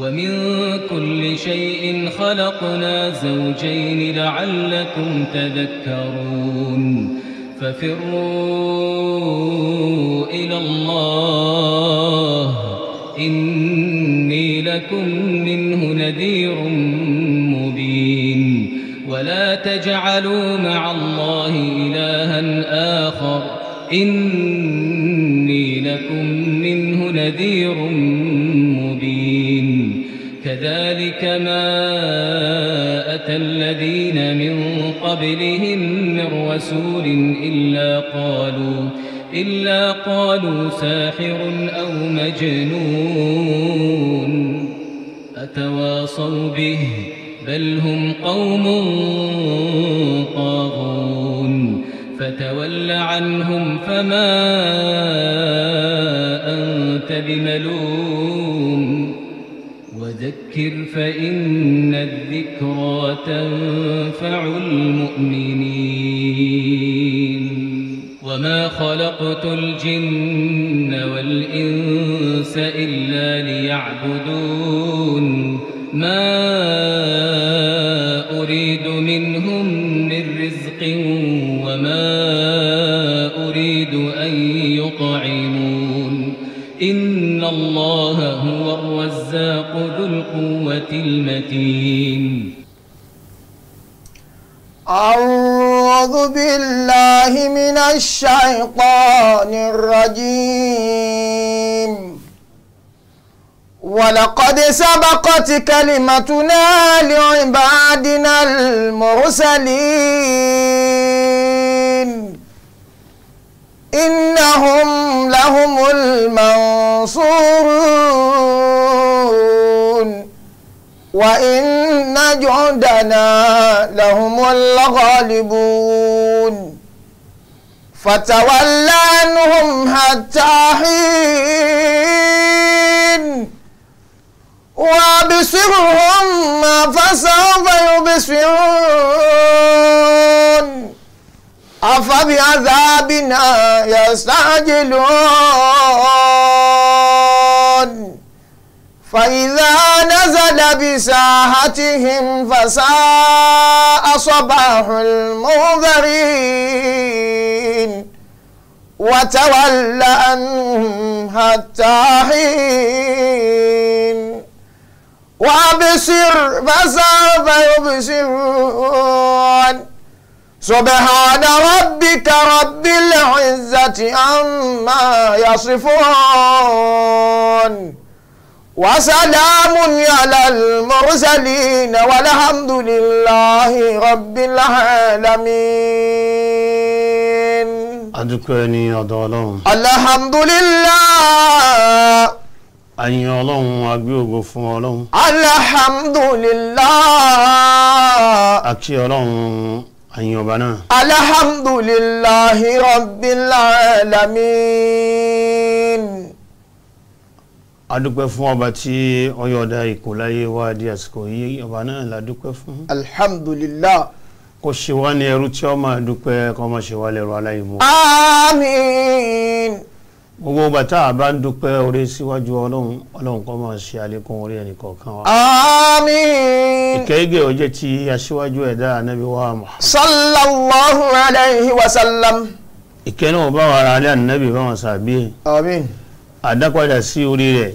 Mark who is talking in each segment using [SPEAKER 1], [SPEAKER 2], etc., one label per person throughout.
[SPEAKER 1] ومن كل شيء خلقنا زوجين لعلكم تذكرون ففروا إلى الله إني لكم منه نذير مبين ولا تجعلوا مع الله إلها آخر إني لكم منه نذير مبين كما أتى الذين من قبلهم من رسول إلا قالوا إلا قالوا ساحر أو مجنون أتواصوا به بل هم قوم طاغون فتول عنهم فما أنت بملوم فذكر فإن الذكرى تنفع المؤمنين وما خلقت الجن والإنس إلا ليعبدون ما أريد منهم من رزق وما أريد أن يطعمون إن الله ذو القوة المتين
[SPEAKER 2] أعوذ بالله من الشيطان الرجيم ولقد سبقت كلمتنا لعبادنا المرسلين جندنا لهم الغالبون فتول عنهم حتى حين وابصرهم فسوف يبصرون أفبعذابنا يستعجلون فإذا نزل بساحتهم فساء صباح المنذرين وتولى عنهم حتى حين وأبصر فسوف يبصرون
[SPEAKER 1] سبحان
[SPEAKER 2] ربك رب العزة عما يصفون وسلام على المرسلين والحمد لله رب العالمين
[SPEAKER 3] adúpẹ́ ní ọ̀dọ̀ ọlọ́run.
[SPEAKER 2] alhamdulillah.
[SPEAKER 3] àyìn ọlọ́run agbé ògo fún ọlọ́run.
[SPEAKER 2] alhamdulillah.
[SPEAKER 3] àkí ọlọ́run àyìn ọba náà.
[SPEAKER 2] alhamdulillahi rabbil alamin
[SPEAKER 3] adúpẹ́ fún ọba tí ó yọ̀ọ̀da ìkó di àsìkò yìí ọba náà la dúpẹ́ fún.
[SPEAKER 2] alhamdulillah.
[SPEAKER 3] kò ṣe wá ní ẹrú tí ó máa dúpẹ́ kó máa ṣe wá lẹ́rú aláìmọ́. àmín. gbogbo bàtà àbá ń dúpẹ́ orí síwájú ọlọ́run ọlọ́run kó máa ṣe àlékún orí ẹnì kọ̀ọ̀kan wa.
[SPEAKER 2] àmín.
[SPEAKER 3] ìkẹ́gẹ́ ó jẹ́ ti aṣíwájú ẹ̀dá ànábi wa Muhammad.
[SPEAKER 2] sallallahu alayhi wa
[SPEAKER 3] sallam. ìkẹ́ náà bá wa ara alẹ́ ànábì bá àdápadà sí orí rẹ̀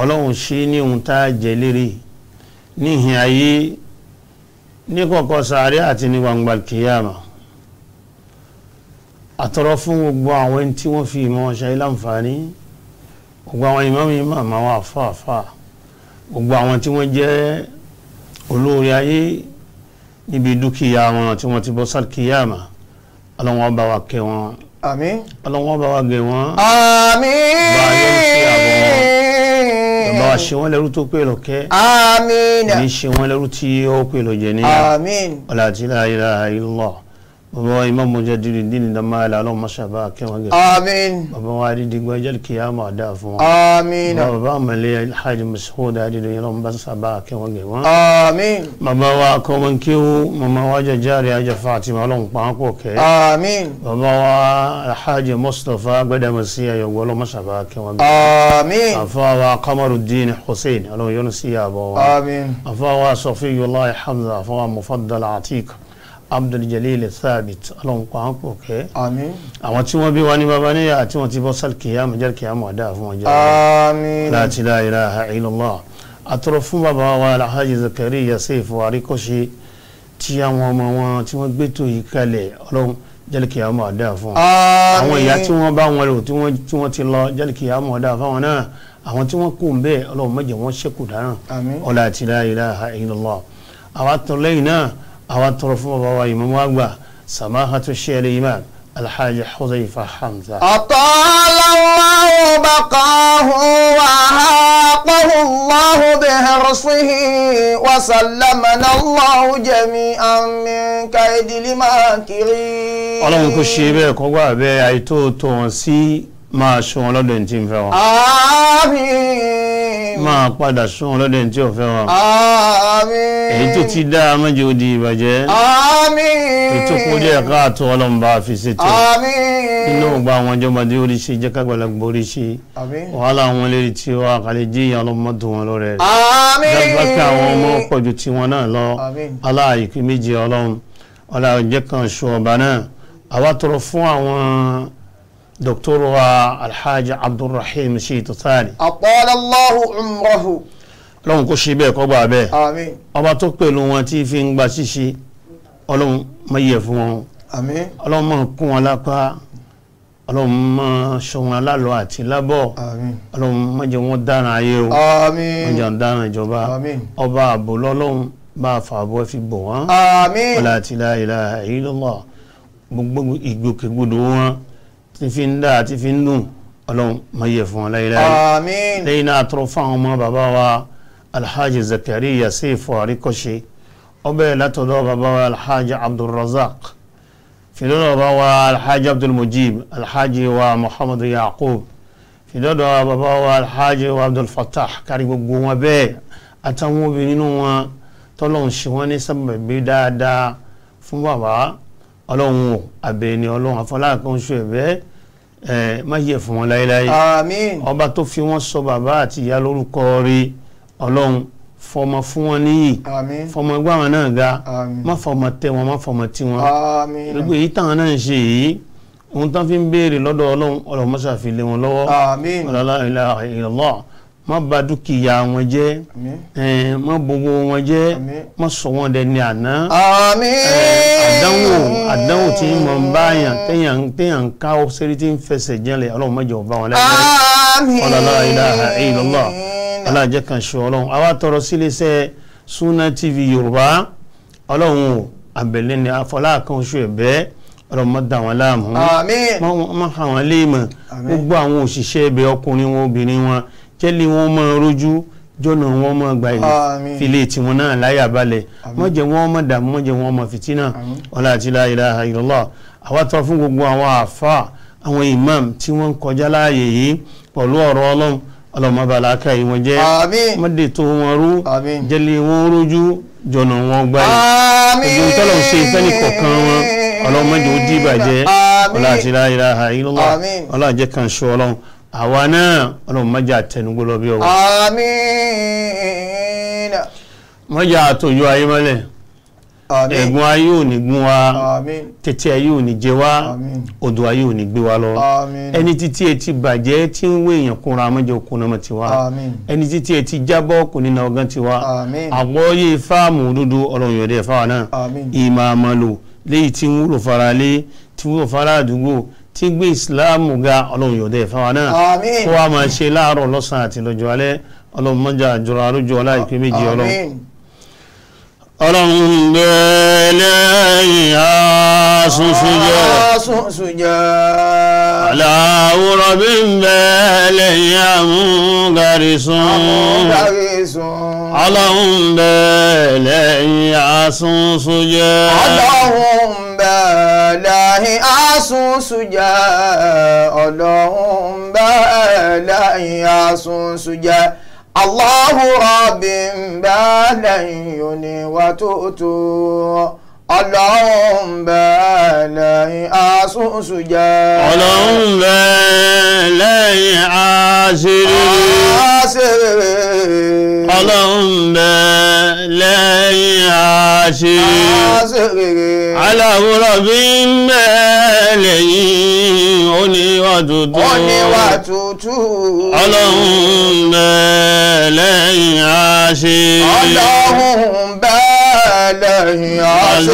[SPEAKER 3] ọlọ́run ṣe ní ohun tá a jẹ lérè níhìn ayé ní kọ̀kọ̀ sàárẹ̀ àti ní gbangba kìyàmà àtọ̀rọ̀ fún gbogbo àwọn ẹni tí wọ́n fi ìmọ̀ ṣayé láǹfààní gbogbo àwọn ìmọ̀ mi máa máa wà fàáfà gbogbo àwọn tí wọ́n jẹ́ olóore ayé níbi dúkìá wọn tí wọ́n ti bọ́ sàkíyàmà ọlọ́run ọba wa kẹ́ wọn àmín. ọlọ́wọ́n bá wa gẹ̀ wọ́n.
[SPEAKER 2] àmín.
[SPEAKER 3] bá a yọ sí àbọ̀ bá wa ṣe wọ́n lẹ́rú tó pé lọ́kẹ́.
[SPEAKER 2] àmín. ní
[SPEAKER 3] ṣe wọ́n lẹ́rú tí ó pé lọ́jẹ̀ níyà. àmín. ọ̀làjìlá ilaha illallah bàbá imam Mujahideen Danmaya Allahumma ṣàbá akẹwọn gẹ.
[SPEAKER 2] àmín.
[SPEAKER 3] bàbá wa Arídìgbà jẹ́lì kìyàmọ̀ àdá fún wa.
[SPEAKER 2] àmín. bàbá
[SPEAKER 3] àmàlẹ́ alhaji Mas'ud Arídìgbà Allahumma bá ṣàbá akẹwọn gẹ wọn. àmín. bàbá wa akọmọkéwu màmá wa jẹjáre ajá Fatima Allahumma pàápọ̀ kẹ́.
[SPEAKER 2] àmín.
[SPEAKER 3] bàbá wa alhaji Mustapha Gbadamasi ayọ̀wọ̀ Allahumma ṣàbá akẹwọn gẹ. àmín. àfa wa Qamaruddin Hussein Allahumma yọ́nù sí yàbọ̀ wa. àmín. wa Safiyullah Hamza àfa Mufaddal Atik. Abdul Jalil Thabit ọlọ́run pa án pò kẹ́. àmín. àwọn tí wọ́n bí wá ní baba níyà àti wọ́n ti bọ́ sal kìyàmù jẹ́ kìyàmù àdá fún wọn jẹ́. àmín. láti la ilaha illallah àtọ̀rọ̀ fún baba wa alhaji Zakariya Seif Warikoshi tí àwọn ọmọ wọn tí wọ́n gbé tó yìí kalẹ̀ ọlọ́run jẹ́lìkì àmọ́ ọ̀dà fún wọn. àwọn ìyá tí wọ́n bá wọn lò tí wọ́n ti lọ jẹ́lìkì àmọ́ ọ̀dà fáwọn náà àwọn tí wọ́n kù ń bẹ́ẹ̀ ọlọ́run má wọn ṣẹ́kù dáràn ọ̀là àti la ilaha illallah àwọn àtọ̀lẹ́yìn àwa tọrọ fún bàbá wa ìmáàmù àgbà samahatu shele imam alhaji hudhaifa
[SPEAKER 2] hamza. atala Allahu baqahu wa haqqahu Allahu bi hirsihi wa sallamana Allahu jami'an min kaydi limakirin.
[SPEAKER 3] ọlọ́run kò ṣe bẹ́ẹ̀ kọ́gbà bẹ́ẹ̀ àìtó tó wọn sí máa ṣe wọn lọ́dọ̀ ní tí ń fẹ́ wọn.
[SPEAKER 2] àmín
[SPEAKER 3] máa padà sún lọ́dẹ̀ tí ò fẹ́ wa. àmín. èyí tó ti dá mẹ́jọ di ìbàjẹ́. àmín. ètò kó díẹ̀ káàtó ọlọ́mùbá fi ṣètò. àmín. nínú ọgbà àwọn ìjọmọdé oríṣi jẹ́ kágbàlagbà oríṣi. àmín. wàhálà àwọn eléré tí wà kálẹ̀ jí ìyá ọlọ́mọdún wọn lọ́rẹ̀. àmín. dábàkì àwọn ọmọ pọ̀jù tiwọn náà lọ. àmín. aláàyè méjì dọkítọ́rọ̀ alhaji abdulrahim shitu thani.
[SPEAKER 2] àpọ́lá allahu umrahu.
[SPEAKER 3] ọlọ́run kò ṣe bẹ́ẹ̀ kó gbà bẹ́ẹ̀. àmín. ọba tó pẹ̀lú wọn tí fi ń gba ṣíṣe ọlọ́run má yẹ fún wọn. àmín. ọlọ́run má kún wọn lápá ọlọ́run má ṣọ́ wọn lálọ́ àti lábọ̀. àmín. ọlọ́run má jẹ́ wọn dára ayé o. àmín. má jẹ́ wọn dára ìjọba. àmín. ọba àbò lọ́lọ́run bá a fà bọ́ fi bọ̀ wọ́n. àmín. wala ilaha illallah gbogbo ìgbòkègbodò wọn tí fi ń dá àti fi ń dùn ọlọ́run má yẹ fún wọn láyéláyé àmín lẹ́yìn náà tọrọ fún àwọn ọmọ bàbá wa alhaji zakariya seifo àríkọ́ṣe ọbẹ̀ látọ̀dọ̀ bàbá wa alhaji abdulrazak fìdọ́dọ̀ bàbá wa alhaji abdulmujib alhaji wa muhammadu yaqub fìdọ́dọ̀ bàbá wa alhaji wa abdulfatah kárí gbogbo wọn bẹ́ẹ̀ àtàwọn obìnrin nínú wọn tọ́lọ́run ṣe wọ́n ní sábàbí dáadáa fún bàbá ọlọ́run àbẹ̀ ọlọ́run afọláàkọ́ ń ṣe ẹ̀bẹ́ ẹ má yẹ fún wọn láéláé àmín ọba tó fi wọn sọ bàbá àti ìyá lórúkọ rí ọlọ́run fọmọ fún wọn níyì àmín fọmọ ẹgbẹ́ àwọn náà ga àmín má fọmọ tẹ wọn má fọmọ tí wọn gbogbo èyí táwọn náà ń ṣe yìí ohun tán fi ń béèrè lọ́dọ̀ ọlọ́run ọlọ́run wọn lọ́wọ́ àmín ìlà ìlọ́lọ́ má bà dúkìá wọn jẹ́ má bòwò wọn jẹ́ má sọ wọn dẹ ní àná
[SPEAKER 2] àdánwò
[SPEAKER 3] àdánwò tí mo ń bá yàn téèyàn téèyàn ń ká sẹ́rí tí ń fẹsẹ̀ jẹ́lẹ̀ ọlọ́run mọ́jọ bá wọn
[SPEAKER 2] lẹ́yìn ọlọ́lá ilaha
[SPEAKER 3] illallah alájẹ́ kan ṣe ọlọ́run àwa tọrọ síléeṣẹ́ Sunna TV Yorùbá ọlọ́run o àbẹ̀lẹ́ ni afọlá kan oṣù ẹ̀bẹ́ ọlọmọdà wọn láàmú wọn hàn wọn léèmọ̀ gbogbo àwọn òṣìṣẹ́ ibẹ̀ ọkùnrin wọn obìnrin wọn jẹ́lé wọn máa rojú jọ́nà wọn máa gba ìlú file tiwọn náà láyà balẹ̀ má jẹ́ wọn máa dààmú má jẹ́ wọn máa fìtínà ọlá àti la ilaha àwa tọ́ fún gbogbo àwọn àfa àwọn imam tí wọ́n ń kọjá láàyè yìí pẹ̀lú ọ̀rọ̀ ọlọ́run ọlọ́mọbàlá ká ìwọ̀n jẹ́ mọ́dé tó wọn rú jẹ́lé wọn rójú jọ̀nà wọn gbáyé ọdún tọ́lọ̀ ṣe ìfẹ́ni kọ̀ọ̀kan wọn ọlọ́mọdé ó dìbàjẹ́ ọlá àti la ilaha illallah ọlá àjẹkànṣọ́ àwa náà ọlọ́run mọ́jà tẹnugbó lọ bí ọwọ́.
[SPEAKER 2] àmín.
[SPEAKER 3] mọ́jà àtòjú ayé mọ́lẹ̀ ẹ̀gún ayé ò ní gún wa tètè ayé ò ní jẹ wá odò ayé ò ní gbé wa lọ ẹni títí ẹ bàjẹ́ tí ń wé èèyàn kúnra mọ́jọ kúnra mọ́ tiwa ẹni títí ẹ jábọ́ kò ní na ọgán tiwa àgbọ́yé fáàmù òdodo ọlọ́run yọ̀dẹ̀ fáwa náà ìmọ̀ àmọ́ lò léyìí tí gbé ìsìláàmù ga ọlọ́run yóò dé fáwa náà kó wa máa ṣe láàárọ̀ lọ́sàn-án àti lọ́jọ́ alẹ́ ọlọ́run mọ́jà àjọra àrójú ọlá ìpín méjì ọlọ́run. ọlọ́run bẹ́ẹ̀ lẹ́yìn àásùn sùjọ́ aláwòrán bí ń bẹ́ẹ̀ lẹ́yìn àmúgarisùn
[SPEAKER 1] ọlọ́run bẹ́ẹ̀ lẹ́yìn àásùn sùjọ́.
[SPEAKER 2] ọlọ́run bá láyé àsúnsújà ọlọ́run bá láyé àsúnsújà Allahu Rabbin bá láyé òní wàtútù ọlọ́run bẹ́ẹ̀ lẹ́yìn asúnsù jẹ́. ọlọ́run bẹ́ẹ̀ lẹ́yìn àṣírí. àṣírí.
[SPEAKER 3] ọlọ́run bẹ́ẹ̀ lẹ́yìn àṣírí. àṣírí. aláwòrán bí ń bẹ́ẹ̀ lẹ́yìn oníwà tútù. oníwà tútù. ọlọ́run bẹ́ẹ̀ àṣírí. ọlọ́run bẹ́ẹ̀ àṣírí.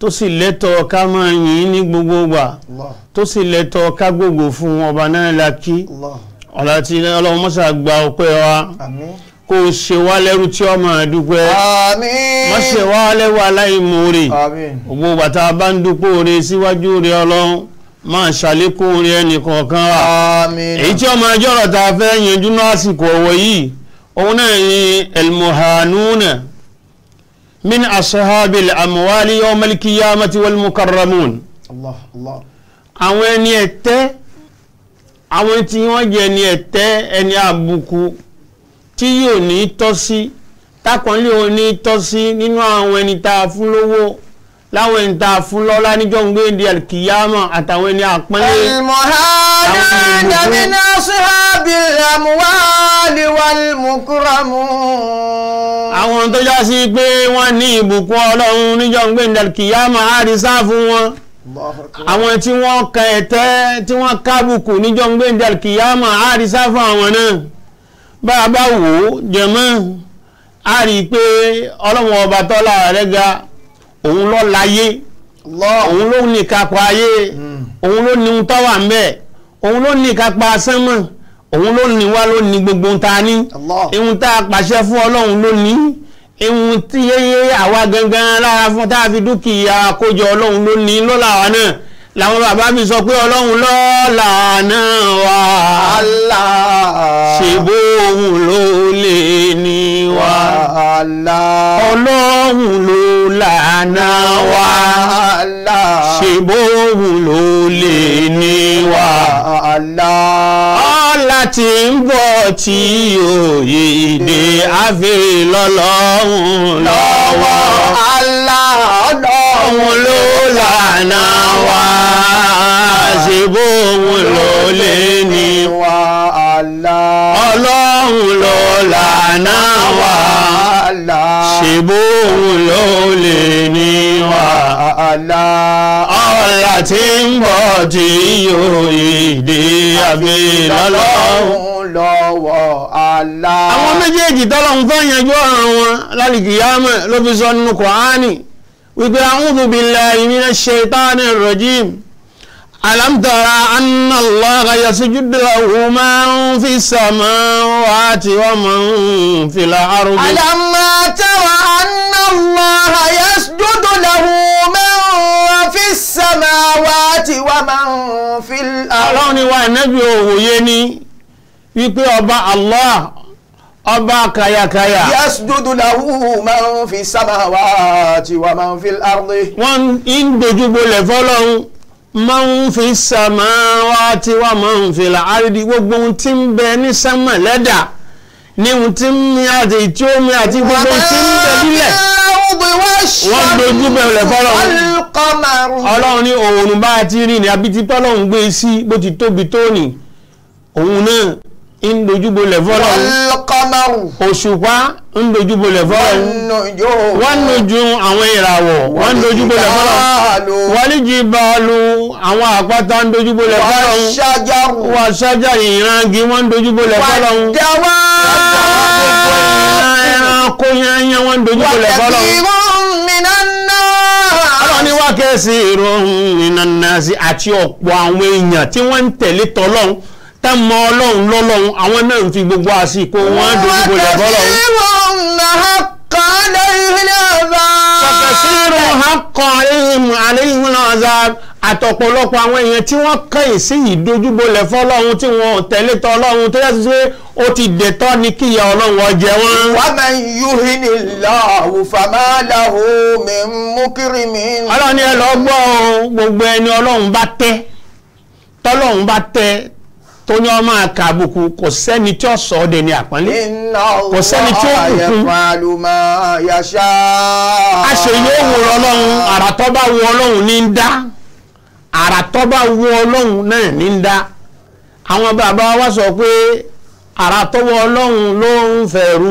[SPEAKER 3] tó sì lẹ́tọ̀ọ́ ká máa yìn ní gbogbo wa tó sì lẹ́tọ̀ọ́ ká gbogbo fún ọba náà la kí ọ̀la tí ọlọ́run mọ́sà gba ọpẹ́ wa kó o ṣe wá lẹ́rú tí ó máa dúpẹ́ má ṣe wá lẹ́rú aláìmoore gbogbo bàtà bá ń dúpọ̀ rẹ síwájú rẹ ọlọ́run máa ṣàlékún rẹ ẹnìkọ̀ọ̀kan wa èyí tí ó máa jọ̀rọ̀ tá a fẹ́ yanjú náà àsìkò ọ̀wọ̀ yìí òun náà ni elmohanuna. من أصحاب الأموال يوم القيامة والمكرمون الله الله àwọn ẹni ẹ̀tẹ́ àwọn tí wọ́n jẹ́ ẹni ẹ̀tẹ́ ẹni àbùkù tí yóò ní tọ́sí tákànlé òní tọ́sí nínú àwọn ẹni tá a fún lówó láwọn ẹni tá a fún lọ́lá níjọ́ ń gbé ní alkiyama àtàwọn ẹni àpọ́nlé. almuhana
[SPEAKER 2] min wal mukramu.
[SPEAKER 3] àwọn tó já sí pé wọ́n ní ìbùkún ọlọ́run níjọ́ ń gbé ní alkiyama á rí sá fún wọn àwọn tí wọ́n ka ẹ̀tẹ́ tí wọ́n kábùkù níjọ́ ń gbé ní alkiyama á fún àwọn náà bá a bá wò ó jẹ̀mọ́ a pé ọlọ́run ọba tọ́lá rẹ̀ ga òun ló láyé òun ló ní kápá ayé hmm. òun ló ní ohun tó wà ń bẹ̀ òun ló ní kápá sánmọ̀ òun ló ní wá ló ní gbogbo ohun tá a ní ohun tá a pàṣẹ fún ọlọ́run ló ní ohun tí yéyé àwa gangan lára fún tá a fi dúkìá àkójọ ọlọ́run ló ní lọ́làwà náà làwọn bàbá mi sọ pé ọlọ́run lọ́la náà wà ṣe bó òun ló lè ní wà ọlọ́run ló lànà wà ṣe bó òun ló lè ní wà ọ̀la tí ń bọ̀ tí òye ìdè àfẹ́ lọ́lọ́run lọ́wọ́
[SPEAKER 2] ọlọ́run ló
[SPEAKER 3] lànà wà ọlọ́run ló lè ní wa ọlọ́run ló lànà wa ṣèbó òun ló lè ní wa ọ̀la tí ń bọ̀ tí yóò ìdí àbí lọ́lọ́run
[SPEAKER 2] lọ́wọ́ àlá. àwọn
[SPEAKER 3] méjèèjì tọ́lọ́run fẹ́ yanjú ọ̀ràn wọn lálìkìyámọ̀ ló fi sọ nínú Kùránì wípé a'udhu billahi minash shaitani rrajim. ألم تر أن الله يسجد له من في السماوات ومن في الأرض ألم
[SPEAKER 2] تر أن الله يسجد له من في السماوات ومن في الأرض ọlọ́run ni wa
[SPEAKER 3] ẹ̀nẹ́bí òwòye ni wípé ọba Allah
[SPEAKER 2] ọba kayakaya. yasjudu lahu man fi samawati wa man fi al-ardi. wọ́n ń dojúbolẹ̀ fọlọ́run man fi
[SPEAKER 3] samawati wa man fi al-ardi gbogbo ohun tí ń bẹ ní sánmà lẹ́dà ní ohun tí ń mi àti ìtí omi àti gbogbo ohun tí ń bẹ nílẹ̀
[SPEAKER 2] wọ́n dojú bẹ̀rẹ̀ fọlọ́run ọlọ́run ní òòrùn
[SPEAKER 3] bá a ti rìn ní abitipọ́ ọlọ́run gbé sí bó ti tóbi tó nì òun náà ń dojúbolẹ̀ fọ́lọ́run. wọ́lọ́kọ́mọ́rù. òṣùpá ń dojúbolẹ̀ fọ́lọ́run.
[SPEAKER 2] wọ́n nojú àwọn
[SPEAKER 3] ìràwọ̀ wọ́n dojúbolẹ̀ fọ́lọ́run. wọ́líjì báàlù àwọn àpáta ń dojúbolẹ̀ fọ́lọ́run. wàṣájàrù. wàṣájà ìrangi wọ́n dojúbolẹ̀ fọ́lọ́run. wàdáwà. ẹranko yányá wọ́n dojúbolẹ̀ fọ́lọ́run. wàdàbí
[SPEAKER 2] wọn mìíràn náà.
[SPEAKER 3] ọlọ́run ni wákẹ́sì ìrọ̀rùn ìnànà àti ọ̀pọ̀ àwọn èèyàn tí wọ́n ń tẹ̀lé tọ́lọ́run tẹ́ mọ ọlọ́run lọ́lọ́run àwọn náà ń fi gbogbo àsìkò wọn dojúbo lẹ̀ bọ́lọ́run. kọ̀kẹ́sìrò hakọ̀ ìhùn àríyìn náà za àtọ̀pọ̀lọpọ̀ àwọn èèyàn tí wọ́n kẹ́yìn sí ìdojúbo lẹ̀ fọ́lọ́run tí wọ́n tẹ̀lé tọ́ ọlọ́run tó yẹ ṣe ó ti dẹ̀tọ́ ni kíyà ọlọ́run ọjẹ́ wọn. wàmẹ̀
[SPEAKER 2] yúhi ni láàwù fàmáàláhù mi mú kiri mi. ọlọ́run ni ẹ lọ gbọ́ gbogbo ẹni ọlọ́run bá tẹ́
[SPEAKER 3] tọ́lọ́run bá tẹ́ tó ní ọmọ àbùkù kò sẹ́ni tí ó sọ ọ́ dẹni àpọ́nlé
[SPEAKER 2] kò sẹ́ni tí ó bùkún aṣèyí ó wòrán ọlọ́run àrà tó bá wù ọlọ́run ní ń dá àrà tó ọlọ́run
[SPEAKER 3] náà ní ń dá àwọn bàbá wa sọ pé àrà ọlọ́run ló ń fẹ̀rù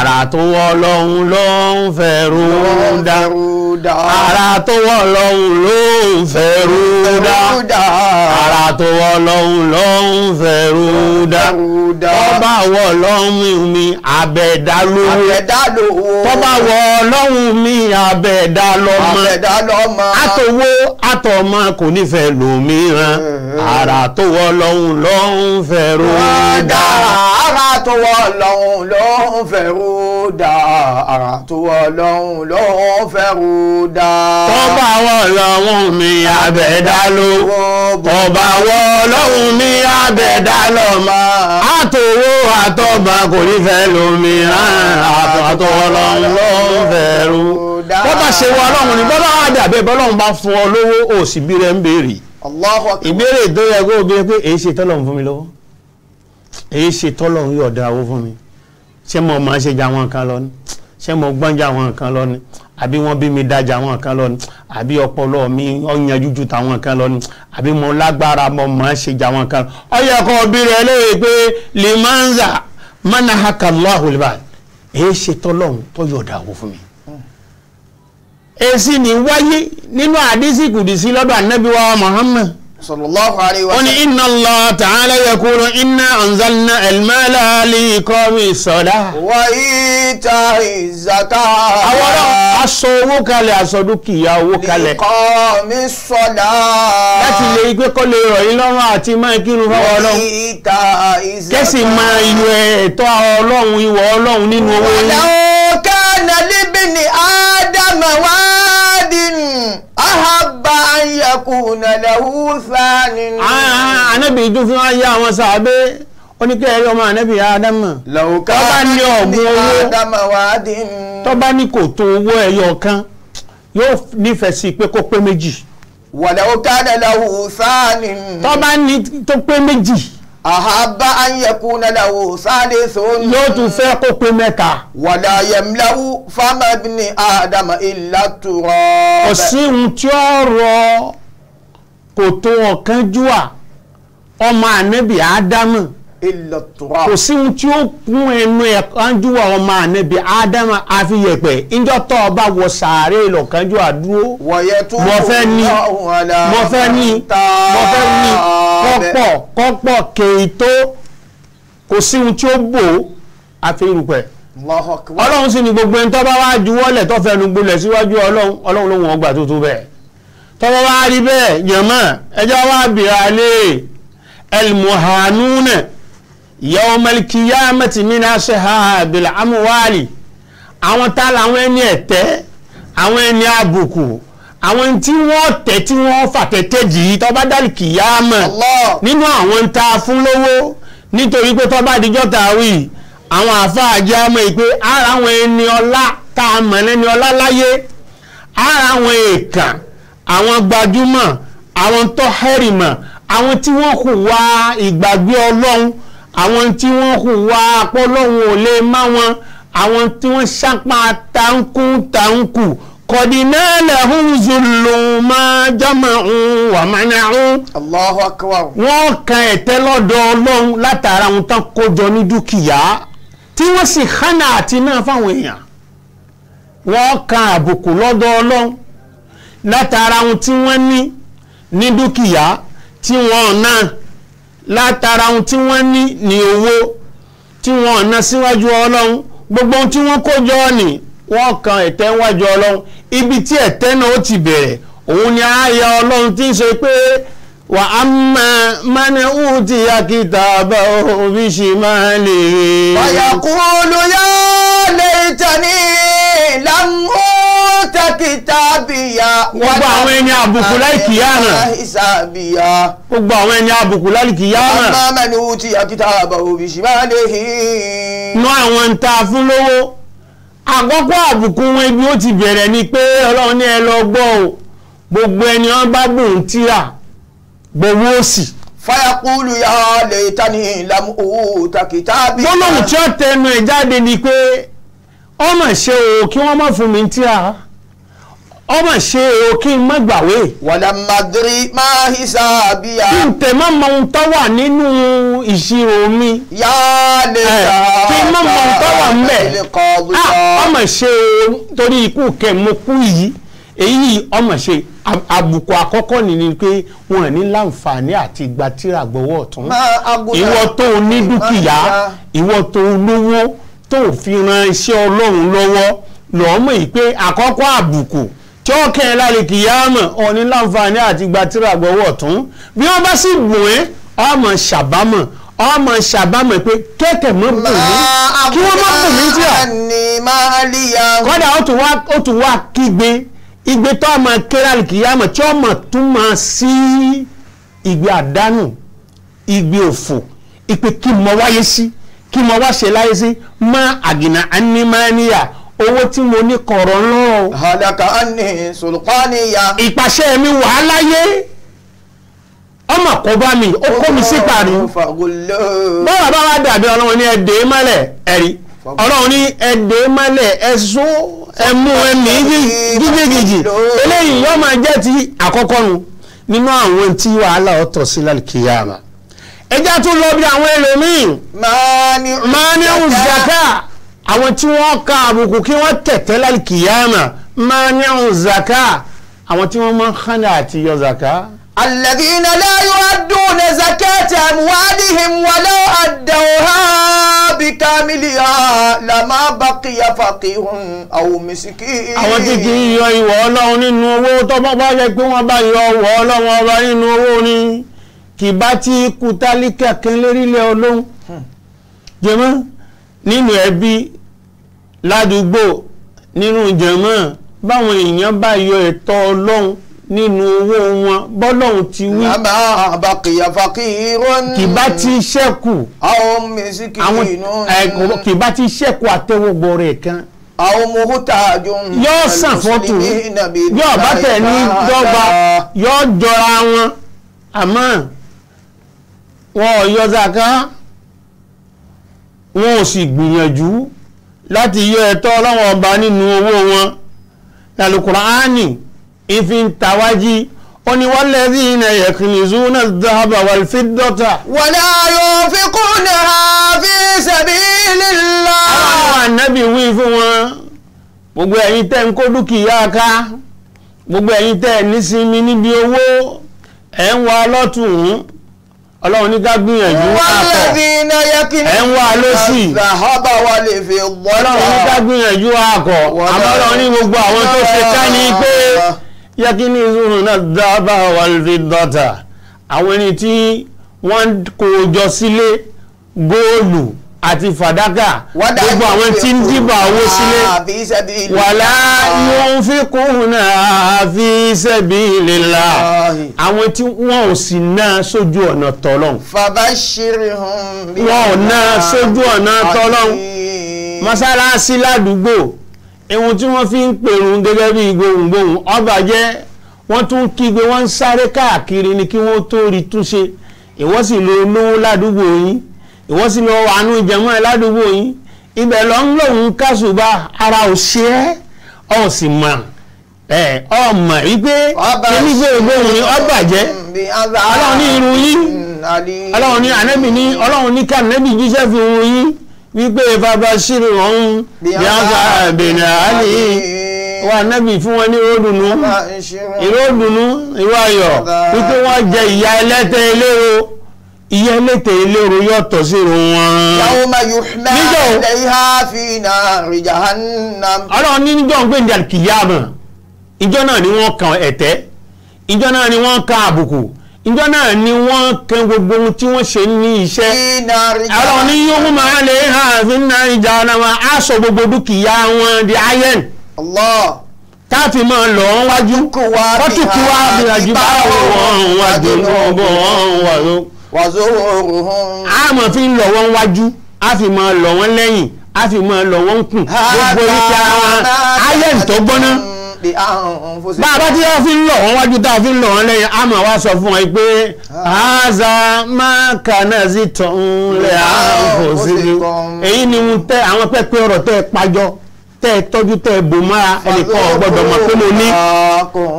[SPEAKER 3] ara tó wọ́ lọ́hùn ló ń fẹ̀rù
[SPEAKER 2] dá
[SPEAKER 3] ara tó wọ́ lọ́hùn ló ń fẹ̀rù dá ara tó wọ́ lọ́hùn ló ń fẹ̀rù dá tọ́ba wọ́ lọ́hùn mi àbẹ̀dá lówó tọ́ba wọ́ lọ́hùn mi àbẹ̀dá lọ́mọ àtòwó àtọ̀mọ kò nífẹ̀ẹ́ lòmíràn ara tó wọ́ lọ́hùn ló ń fẹ̀rù dá
[SPEAKER 2] ara tó wọ́ lọ́hùn ló ń fẹ̀rù ro dà àrà tó ọlọ́run lọ́wọ́ fẹ́ ro dà. tọ́ba wọ lọ́hùn
[SPEAKER 1] mi àbẹ̀dá
[SPEAKER 2] ló
[SPEAKER 3] tọ́ba wọ lọ́hùn mi àbẹ̀dá lọ mọ́ àtòwò àtọ́ba kò ní fẹ́ lómi àtọ̀wọ́ lọ́hùn lọ́hùn fẹ́ ro
[SPEAKER 2] dà. bọ́bá ṣe wọ ọlọ́run ni
[SPEAKER 3] bọ́lá àdàbẹ̀ bọ́lọ́run bá fún ọ lówó òsì bí rẹ̀ ń béèrè ìbéèrè tó yẹ kó o béèrè pé èyí ṣe tọ́lọ̀ fún mi lọ́wọ́ èyí ṣe tọ́lọ̀ yọ̀ọ̀dà owó fún mi ṣé mo máa ṣe jà wọn kan lọ ni ṣé mo gbọ́n jà wọn kan lọ ni àbí wọ́n bí mi dájà wọn kan lọ ni àbí ọpọlọ mi ọyàn jújù táwọn kan lọ ni àbí mo lágbára mo máa ṣe jà wọn kan lọ. ó yẹ kó rẹ léyìí pé limanza manahaka Allahul bal èyí ṣe tọ́lọ́hún tó yọ̀dà wò fún mi èsì ni wáyé nínú àdísìkùdìsí lọ́dọ̀ ànábì wa Muhammad sallallahu alayhi wa sallam. ó ní inna Allah ta'ala yakulu inna anzalna al-mala li iqami salah.
[SPEAKER 2] wa ita zaka. àwọn náà
[SPEAKER 3] aṣọ owó kalẹ̀ aṣọ dúkìá owó kalẹ̀. li
[SPEAKER 2] iqami salah. láti lè gbé kọ́ lè rọ̀ yín lọ́rùn àti
[SPEAKER 3] máa kírun fáwọn ọlọ́run. wa
[SPEAKER 2] ita zaka. kẹ́sì máa
[SPEAKER 3] yọ ẹ̀tọ́ ọlọ́run ìwọ ọlọ́run nínú owó yín.
[SPEAKER 2] yakuna lahu thanin.
[SPEAKER 3] ànábì ìjú fún wa yá àwọn sàábé oníkẹ́ ẹ̀rí ọmọ ànábì ádámà tó bá ní ọ̀gbun
[SPEAKER 2] owó
[SPEAKER 3] tó bá ní kò tó owó ẹyọ kan yóò nífẹ̀ẹ́ sí pé kó pé méjì. wàlẹ́wò kánà lahu
[SPEAKER 2] thanin. tó bá ní tó pé méjì. àhábá ayẹkùnà lahu thalithun. yóò tún fẹ́ kó pé mẹ́ta. wàlẹ́ ayẹmúláwù fámẹ́bìnrin ádámà ìlà kò sí
[SPEAKER 3] ohun tí ó rọ kò tó ọ̀kánjúwà ọmọ ànẹ́bì ádámù kò sí ohun tí ó kún ẹnu ọ̀kánjúwà ọmọ ànẹ́bì ádámù àfi yẹ̀pẹ̀ ìjọ tó o bá wọ sàárè lọ̀kánjúwà dúró mo fẹ́ ní mo fẹ́ ní mo fẹ́ ní kọ́pọ̀ kọ́pọ̀ kèé tó kò sí ohun tí ó bò ó àfi irúpẹ̀ ọlọ́run sì ni gbogbo ẹni tó bá wá juwọ́lẹ̀ tó fẹnu gbolẹ̀ síwájú ọlọ́run ọlọ́run ló wọ́n gbà tó tó bẹ́ẹ̀. tọ́wọ́ wá rí bẹ́ẹ̀ yànmọ́ ẹjọ́ wá bìrà lé elmuhanuna yawmal qiyamati min ashabil amwali àwọn tá làwọn ẹni ẹ̀tẹ́ àwọn ẹni àbùkù àwọn tí wọ́n tẹ̀ tí wọ́n tọ́ba dàlí nínú àwọn a fún lówó nítorí pé tọ́ba àdìjọ́ tá wí àwọn àfáà jẹ́ ọmọ ìpè ara àwọn ẹni ọlá tá a mọ̀ lẹ́ni ọlá láyé ara àwọn èèkàn àwọn gbajúmọ̀ àwọn tó hẹ́rìmọ̀ àwọn tí wọ́n hùwà ìgbàgbé ọlọ́run àwọn tí wọ́n hùwà apọ́lọ́run ò lè má wọn àwọn tí wọ́n sápá tankú tankú kọ̀dínẹ́lẹ̀ húnzùlùmọ́ jámàún wàmánàún. Allahu akbar. wọ́n kan ẹ̀tẹ́ lọ́dọ̀ ọlọ́run látara àwọn tán kójọ ní dúkìá tí wọ́n sì hánà àti náà fáwọn èèyàn wọ́n kan àbùkù lọ́dọ̀ ọlọ́run látara ohun tí wọ́n ní ní dúkìá tí wọ́n ná látara ohun tí wọ́n ní ní owó tí wọ́n ná síwájú ọlọ́run gbogbo ohun tí wọ́n kó jọ ní wọ́n kan ẹ̀tẹ́ wájú ọlọ́run ibi tí ẹ̀tẹ́ náà ó ti bẹ̀rẹ̀ òun ni ààyè ọlọ́run ti ń sọ pé wà á mọ mọ́ni ùtì akíta bá òbí ṣì máa lè.
[SPEAKER 1] ọ̀yà
[SPEAKER 2] kúlù yóò lè tẹ̀ ní gbogbo àwọn ẹni àbùkù láìkì yá náà gbogbo àwọn ẹni àbùkù láìkì yá náà nú àwọn ń ta fún lówó àkọ́kọ́ àbùkù wọn ibi ó ti
[SPEAKER 3] bẹ̀rẹ̀ ni pé ọlọ́run ní ẹ lọ gbọ́ o gbogbo ẹni wọn bá tíra gbowó òsì
[SPEAKER 2] fayakulu ya le tani lamu tí
[SPEAKER 3] ó tẹnu ẹ̀ jáde ni ọmọ ṣe o kí wọ́n má fún mi tíra. ọmọ ṣe o kí n má gbàwé. wàlà madri máa hísà bí a. kí n tẹ̀ má mọ ohun tó wà nínú ìṣirò mi. yá lè ta kí n má mọ ohun tó wà
[SPEAKER 2] ńbẹ̀. ọmọ
[SPEAKER 3] ah, ṣe torí ikú kẹmọkú yìí èyí ọmọ ṣe àbùkù àkọ́kọ́ ni ni pé wọn ní láǹfààní àti gba tírà gbọ́wọ́ ọ̀tún ìwọ tó o ní dúkìá ìwọ tó o lówó tó o fi ran iṣẹ́ ọlọ́run lọ́wọ́ lọ́ọ́ yìí pé àkọ́kọ́ àbùkù tí ó kẹ́ ẹ lálẹ́ kìyàmọ̀ ọ̀ní láǹfààní àti gba tíra gbọ́wọ́ tún bí wọ́n bá sì bùn ẹ́ ọmọ ṣàbámọ̀ ọmọ ṣàbámọ̀ pé kẹ́kẹ̀ mọ́ bùn mí kí wọ́n mọ́ bùn mí
[SPEAKER 2] tíra kọ́dà
[SPEAKER 3] ó tún wá kígbe igbe tó ọmọ kẹ́rẹ́ kìyàmọ̀ tí ọmọ tún máa sí igbe àdánù igbe òfò ìpè kí mo wáyé sí kí mo wá ṣe láyé sí má àgìnà ànímáníyà. owó tí mo ní kọ̀rọ̀ lọ́rùn.
[SPEAKER 2] àdàkà á ní sòlùpáàní ya. ìpàṣẹ mi wà á láyé ọmọ kò bá mi ó kó mi sí parí. bọ́lá bá wá dàbí ọlọ́run ní
[SPEAKER 3] ẹ̀dẹ́ mọ́lẹ̀ ẹ̀rí ọlọ́run ní ẹ̀dẹ́ mọ́lẹ̀ ẹ̀sùn ẹ̀mú ẹ̀mí gígìgìgì eléyìí yóò máa jẹ́ ti àkọ́kọ́ nu nínú àwọn tí wàhálà ọ̀tọ̀ sí lálùkìyàmà ẹjá tún lọ bí àwọn ẹlòmíì
[SPEAKER 2] máa ní ọ̀zàkà.
[SPEAKER 3] àwọn tí wọ́n ka àbùkù kí wọ́n tẹ̀tẹ́ lálìkìyàmà máa ní ọ̀hún zaka àwọn tí wọ́n máa ń hànà àti yọ zaka.
[SPEAKER 2] الذين لا يؤدون زكاة أموالهم ولو أدوها بكاملها لما بقي فقير أو مسكين. àwọn tí kì í yọ ìwọ̀
[SPEAKER 3] ọlọ́run nínú owó tó bá bá yẹ pé wọ́n bá yọ ìwọ̀ ọlọ́run ọba nínú owó ni kì bá ti kan lérílẹ̀ ọlọ́run. Hmm. jẹ́mọ́ nínú ẹbí ládùúgbò nínú jẹ̀mọ́ báwọn èèyàn bá yọ ẹ̀tọ́ ọlọ́run nínú owó wọn bọ́lọ́hún ti wí. lábà àbàkìyà fàkìrún. kì bá ti ṣẹ́kù. àwọn
[SPEAKER 2] mèsìkì inú.
[SPEAKER 3] kì bá ti ṣẹ́kù àtẹwọ́gbọ̀ rẹ̀ kan
[SPEAKER 2] àwọn ọmọ òkúta àjọ ń yọ sàn fọ́tò yóò bá tẹ̀ ní dọ́gba
[SPEAKER 3] yóò jọra wọn àmọ́ wọn ò yọ zaka wọn ò sì gbìyànjú láti yọ ẹ̀tọ́ ọlọ́wọ́n ọba nínú owó wọn lálùkùránì ìfi ń tawájí ó ní walladhina yaknizuna adh-dhahaba wal-fiddata.
[SPEAKER 2] wala yunfiqunaha fi
[SPEAKER 3] sabilillah. àwọn ànábì wí fún wọn gbogbo ẹ̀yin tẹ́ ń kó dúkìá ká gbogbo ẹ̀yin tẹ́ ẹ̀ nísinmi níbi owó ẹ̀ ń wá lọ́tùn ọlọ́run ní ká gbìyànjú
[SPEAKER 2] àpọ̀ ẹ̀ ń wá lọ́sì ọlọ́run ní ká
[SPEAKER 3] gbìyànjú àkọ́ àmọ́ ọlọ́run ní gbogbo àwọn tó ṣe ká ní pé yẹ́kíní zuru náà dábà wàlúfi dọ́tà àwọn ẹni tí wọ́n kó jọ sílé góòlù àti fàdákà gbogbo àwọn tí ń dìbò owó ah, sílẹ̀ wàlá yunfiquna fi sabilillah àwọn tí wọ́n ò sì ná sójú ọ̀nà tọ́lọ́n.
[SPEAKER 2] fabashirhum bí wọ́n ò ná sójú ọ̀nà tọ́lọ́n mọ́sálásí
[SPEAKER 3] ládùúgbò ìwọ̀n tí wọ́n fi ń pèrún gẹ́gẹ́ bí gbohùngbohùn ọba jẹ́ wọ́n tún kígbe wọ́n ń sáré káàkiri ni kí wọ́n tó rí túnṣe ìwọ́sì lo olówó ládùúgbò yín ìwọ́n sì lọ àánú ìjẹ̀mọ́ ẹ ládùúgbò yín ibẹ̀ lọ ń lòun kásùbà ara ò ṣe é ọ̀ sì mọ̀ ẹ̀ ọ̀ mọ̀ wípé kíní gbé ògbóhùn ni ọ̀ bàjẹ́ mm,
[SPEAKER 2] ọlọ́run ní irun yín mm, ọlọ́run ní ànẹ́bì ní ọlọ́run
[SPEAKER 3] ní ká ànẹ́bì jíṣẹ́ fi irun yín wípé bàbá ṣírí ọ̀hún bí a ń fa àlè wa ànẹ́bì fún wọn ní ìròdùnú ìròdùnú ìròayọ̀ wípé wọ́n jẹ ìyá ẹlẹ́tẹ̀ eléwo. ìyẹn létè eléro yọ̀tọ̀ sí irun wọn. yawma
[SPEAKER 2] yuhma alayha fi nari jahannam. ọlọ́run ní
[SPEAKER 3] níjọ́ ń gbé ní ìjọ náà ni wọ́n kan ẹ̀tẹ́ ìjọ náà ni wọ́n kan àbùkù ìjọ náà ni wọ́n gbogbo ohun tí wọ́n ṣe ní iṣẹ́ ọlọ́run ní gbogbo dúkìá wọn di ayẹ́n. Allah máa lọ wọn wájú kọ́tù kí wá wọn wàzúrùhùn. a mọ̀ fi ń lọ wọ́n wájú a fi mọ̀ lọ wọ́n lẹ́yìn a fi mọ̀ lọ wọ́n kùn gbogbo oríṣi ara wọn ayé ìtọ́ gbọ́ná.
[SPEAKER 2] bá a bá ti yọ fi ń lọ wọ́n wájú
[SPEAKER 3] tá a fi ń lọ wọ́n lẹ́yìn a mọ̀ wá sọ fún wọn pé àza máa kàná sí tọ̀hún lẹ́ àǹfọ̀ọ́sí èyí ni àwọn pẹ́pẹ́ ọ̀rọ̀ tẹ́ pàjọ́ tẹ́ ẹ tọ́jú tẹ́ ẹ bò mọ́ra ẹnìkan ọ̀gbọ́dọ̀ mọ̀ pé mo ní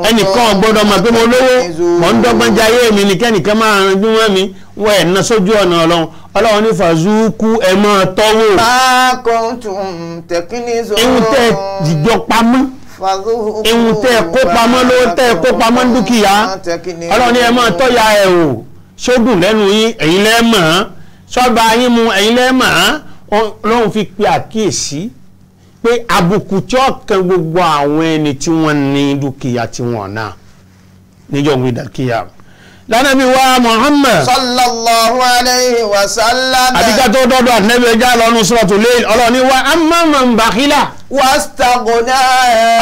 [SPEAKER 3] ẹnìkan ọ̀gbọ́dọ̀ mọ̀ pé mo lówó mọ̀ ń dọ́gbọ́n jayé mi ni kẹ́nìkan máa ràn bí wọ́n mi wọ́n ẹ̀ ná sójú ọ̀nà ọlọ́run ọlọ́run ní fàzúkú ẹ máa tọ́wò.
[SPEAKER 2] ewu tẹ́ ẹ pamọ́ ewu tẹ́ kó pamọ́ lówó tẹ́ kó pamọ́ dúkìá ọlọ́run ní ẹ máa tọ́ya
[SPEAKER 3] ẹ̀ o ṣódùn lẹ́nu yín ẹ̀yin lẹ́ẹ̀mọ̀ ṣọ́ba yín mu ẹ̀yin lẹ́ẹ̀mọ̀ ọlọ́run fi pe àkíyèsí pé àbùkù tí ó kan gbogbo àwọn ẹni tí wọ́n ní dúkìá tí wọ́n náà níjọ́ gbìdàkìyà lánàbí wa muhammad
[SPEAKER 2] sallallahu alayhi wa sallam àbíká tó dọ́dọ̀ ànẹ́bí
[SPEAKER 3] ẹjá lọ́nu sọ́ọ̀tù lé ọlọ́ni wa amáma bàkílà wàstagọ́nà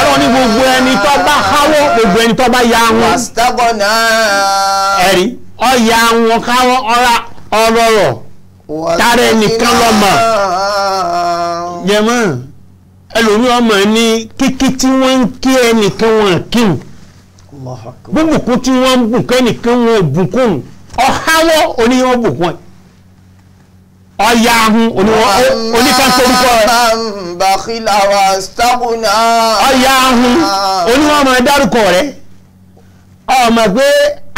[SPEAKER 3] ọlọ́ni gbogbo ẹni tó bá káwọ́ gbogbo ẹni tó bá ya wọn wàstagọ́nà ẹ̀rí ọ̀ya wọn káwọ́ ọ̀ra ọ̀rọ̀rọ̀ tààrẹ nìkan lọ́mọ ẹlòmí ọmọ ní kíkí tí wọ́n ń kí ẹnìkan wọn kíhùn búbùkún tí wọ́n ń bùn kẹ́nìkan wọn ò bùn kóhùn
[SPEAKER 2] ọ̀háwọ́ oníwọ́n bùn wọn ọ̀yà ahun oníkàntórúkọ ọ̀yà ahun oníwọ́n ọmọ dárúkọ rẹ̀ ọmọ pé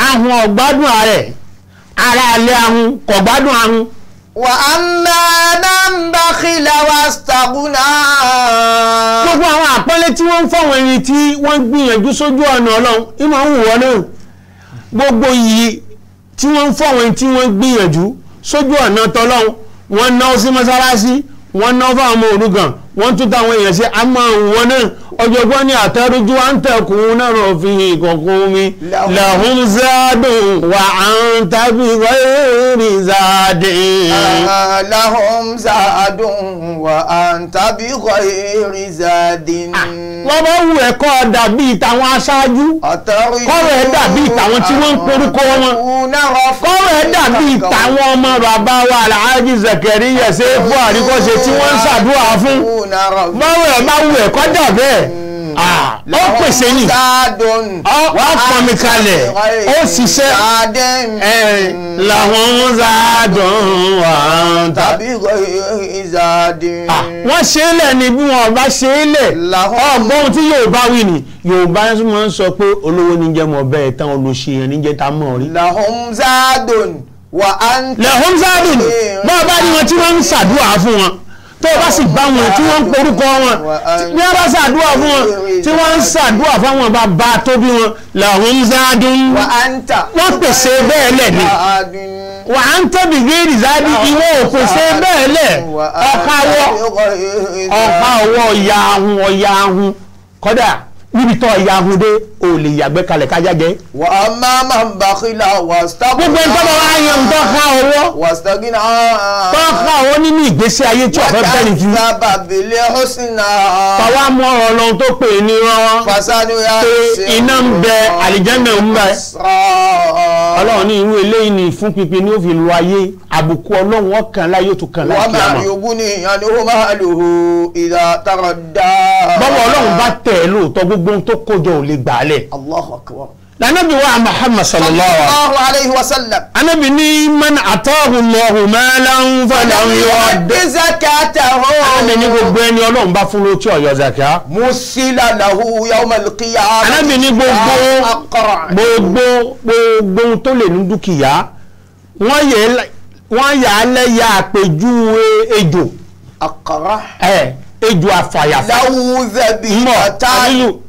[SPEAKER 2] ahun ọ̀gbádùn ààrẹ ara alẹ́ ahun kọ̀gbádùn ahun wàhálà nàmbàkìlà wà sàgùnà. gbogbo àwọn àpọ́nlé tí wọ́n ń fọ̀wọ́n ẹni
[SPEAKER 3] tí wọ́n gbìyànjú sójú ọ̀nà ọlọ́run ìmọ̀ ń wọ̀ náà gbogbo yìí tí wọ́n ń fọ̀wọ́n ẹni tí wọ́n gbìyànjú sójú ọ̀nà tọ́lọ́run wọ́n náwó sí mọ́sálásí wọ́n náwó fáwọn ọmọ òrukàn wọ́n tún táwọn èèyàn ṣe àmọ́ wọn náà ọ̀jọ̀gbọ́n ní àtẹ́rújú à ń tẹ̀kùn náà rọ̀ fi ìkọ̀kùn mi lahum zadun wa
[SPEAKER 2] anta bi ghairi zadin. Ah, lahum zadun wa anta bi ghairi zadin. Ah, wọ́n bá wù ẹ̀kọ́ dàbí tàwọn aṣáájú kọ́rọ̀ ẹ̀ dàbí tàwọn tí wọ́n ń porúkọ wọn ah, kọ́rọ̀ ẹ̀ dàbí tàwọn ọmọ bàbá wa alhaji
[SPEAKER 3] Zakariya ṣe é fún àríkọ́ṣe tí wọ́n ń ṣàdúrà
[SPEAKER 2] mọ́wẹ̀ má wù ẹ̀ kọjá ó pèsè yìí ó pọnmi kalẹ̀ ó ṣiṣẹ́ làwọn ń zàdùn wà ń ta. wọ́n ṣe é lẹ̀ ni bí wọ́n bá ṣe é lẹ̀ ọgbọ́n tí Yorùbá wí
[SPEAKER 3] ni Yorùbá máa ń sọ pé olówó ní jẹ́ mọ̀ bẹ́ẹ̀ tán olóṣèyàn ní jẹ́ ta mọ̀ rí. làwọn
[SPEAKER 2] ń zàdùn wà ń ta. làwọn ń zàdùn bá a bá ní wọn tí wọ́n ń ṣàdúrà
[SPEAKER 3] fún wọn tó o bá sì bá wọn tí wọ́n ń porúkọ wọn bí wọ́n bá ṣàdúrà fún wọn tí wọ́n ń ṣàdúrà fáwọn bàbá tó bí wọn làwọn ń zádùn wọ́n pèsè bẹ́ẹ̀ lẹ̀ ni wà á ń tẹ́bi géèrè zádi ìwọ òpèsè bẹ́ẹ̀ lẹ̀ ọ̀ka
[SPEAKER 2] ọwọ́ ọ̀ya ahun ọ̀ya
[SPEAKER 3] ahun kódà níbi tó ìyá ahunde ò lè yàgbẹ́ kalẹ̀ ká jágẹ́.
[SPEAKER 2] wà á má má ń bá kílà wà á sítá. gbogbo ẹni tọ́lọ́ wa yan tó ha owó. wà á sítá gíná. tó
[SPEAKER 3] ha owó nínú ìgbésí ayé tí ọ̀fẹ́ bẹ́ẹ̀ ju. wà á
[SPEAKER 2] sábà bèlè ó sì nà. tàwa mọ ọ̀rọ̀ tó pè é ní rán. fasanu ya ṣe iná ń bẹ àlìjánnà ń bẹ. ọlọ́run ní irú
[SPEAKER 3] eléyìí ni fún pípé ní ó fi lu ayé àbùkù ọlọ́run ọkàn láyé tó kàn láyé àmọ́. wọ́n máa
[SPEAKER 2] yòókù ní ìyànjú
[SPEAKER 3] gbogbo ohun tó kójọ ò lè gbà á lẹ̀.
[SPEAKER 2] Allahu akbar.
[SPEAKER 3] lànàbí wa Muhammad sallallahu alayhi wa sallam. anabi ni man atahu Allahu malan falan yu'addi zakatahu. anabi ni gbogbo ẹni ọlọ́run bá fún ló tí ọ̀yọ́ zaka. musila lahu
[SPEAKER 2] yawmal qiyamah. anabi ni gbogbo
[SPEAKER 3] gbogbo gbogbo tó lè ní dúkìá wọ́n yẹ wọ́n yà á lẹ́yà àpèjúwe ejò. àkàrà. ẹ ejò àfàyàfà. láwùú zẹbi. mọ ànílù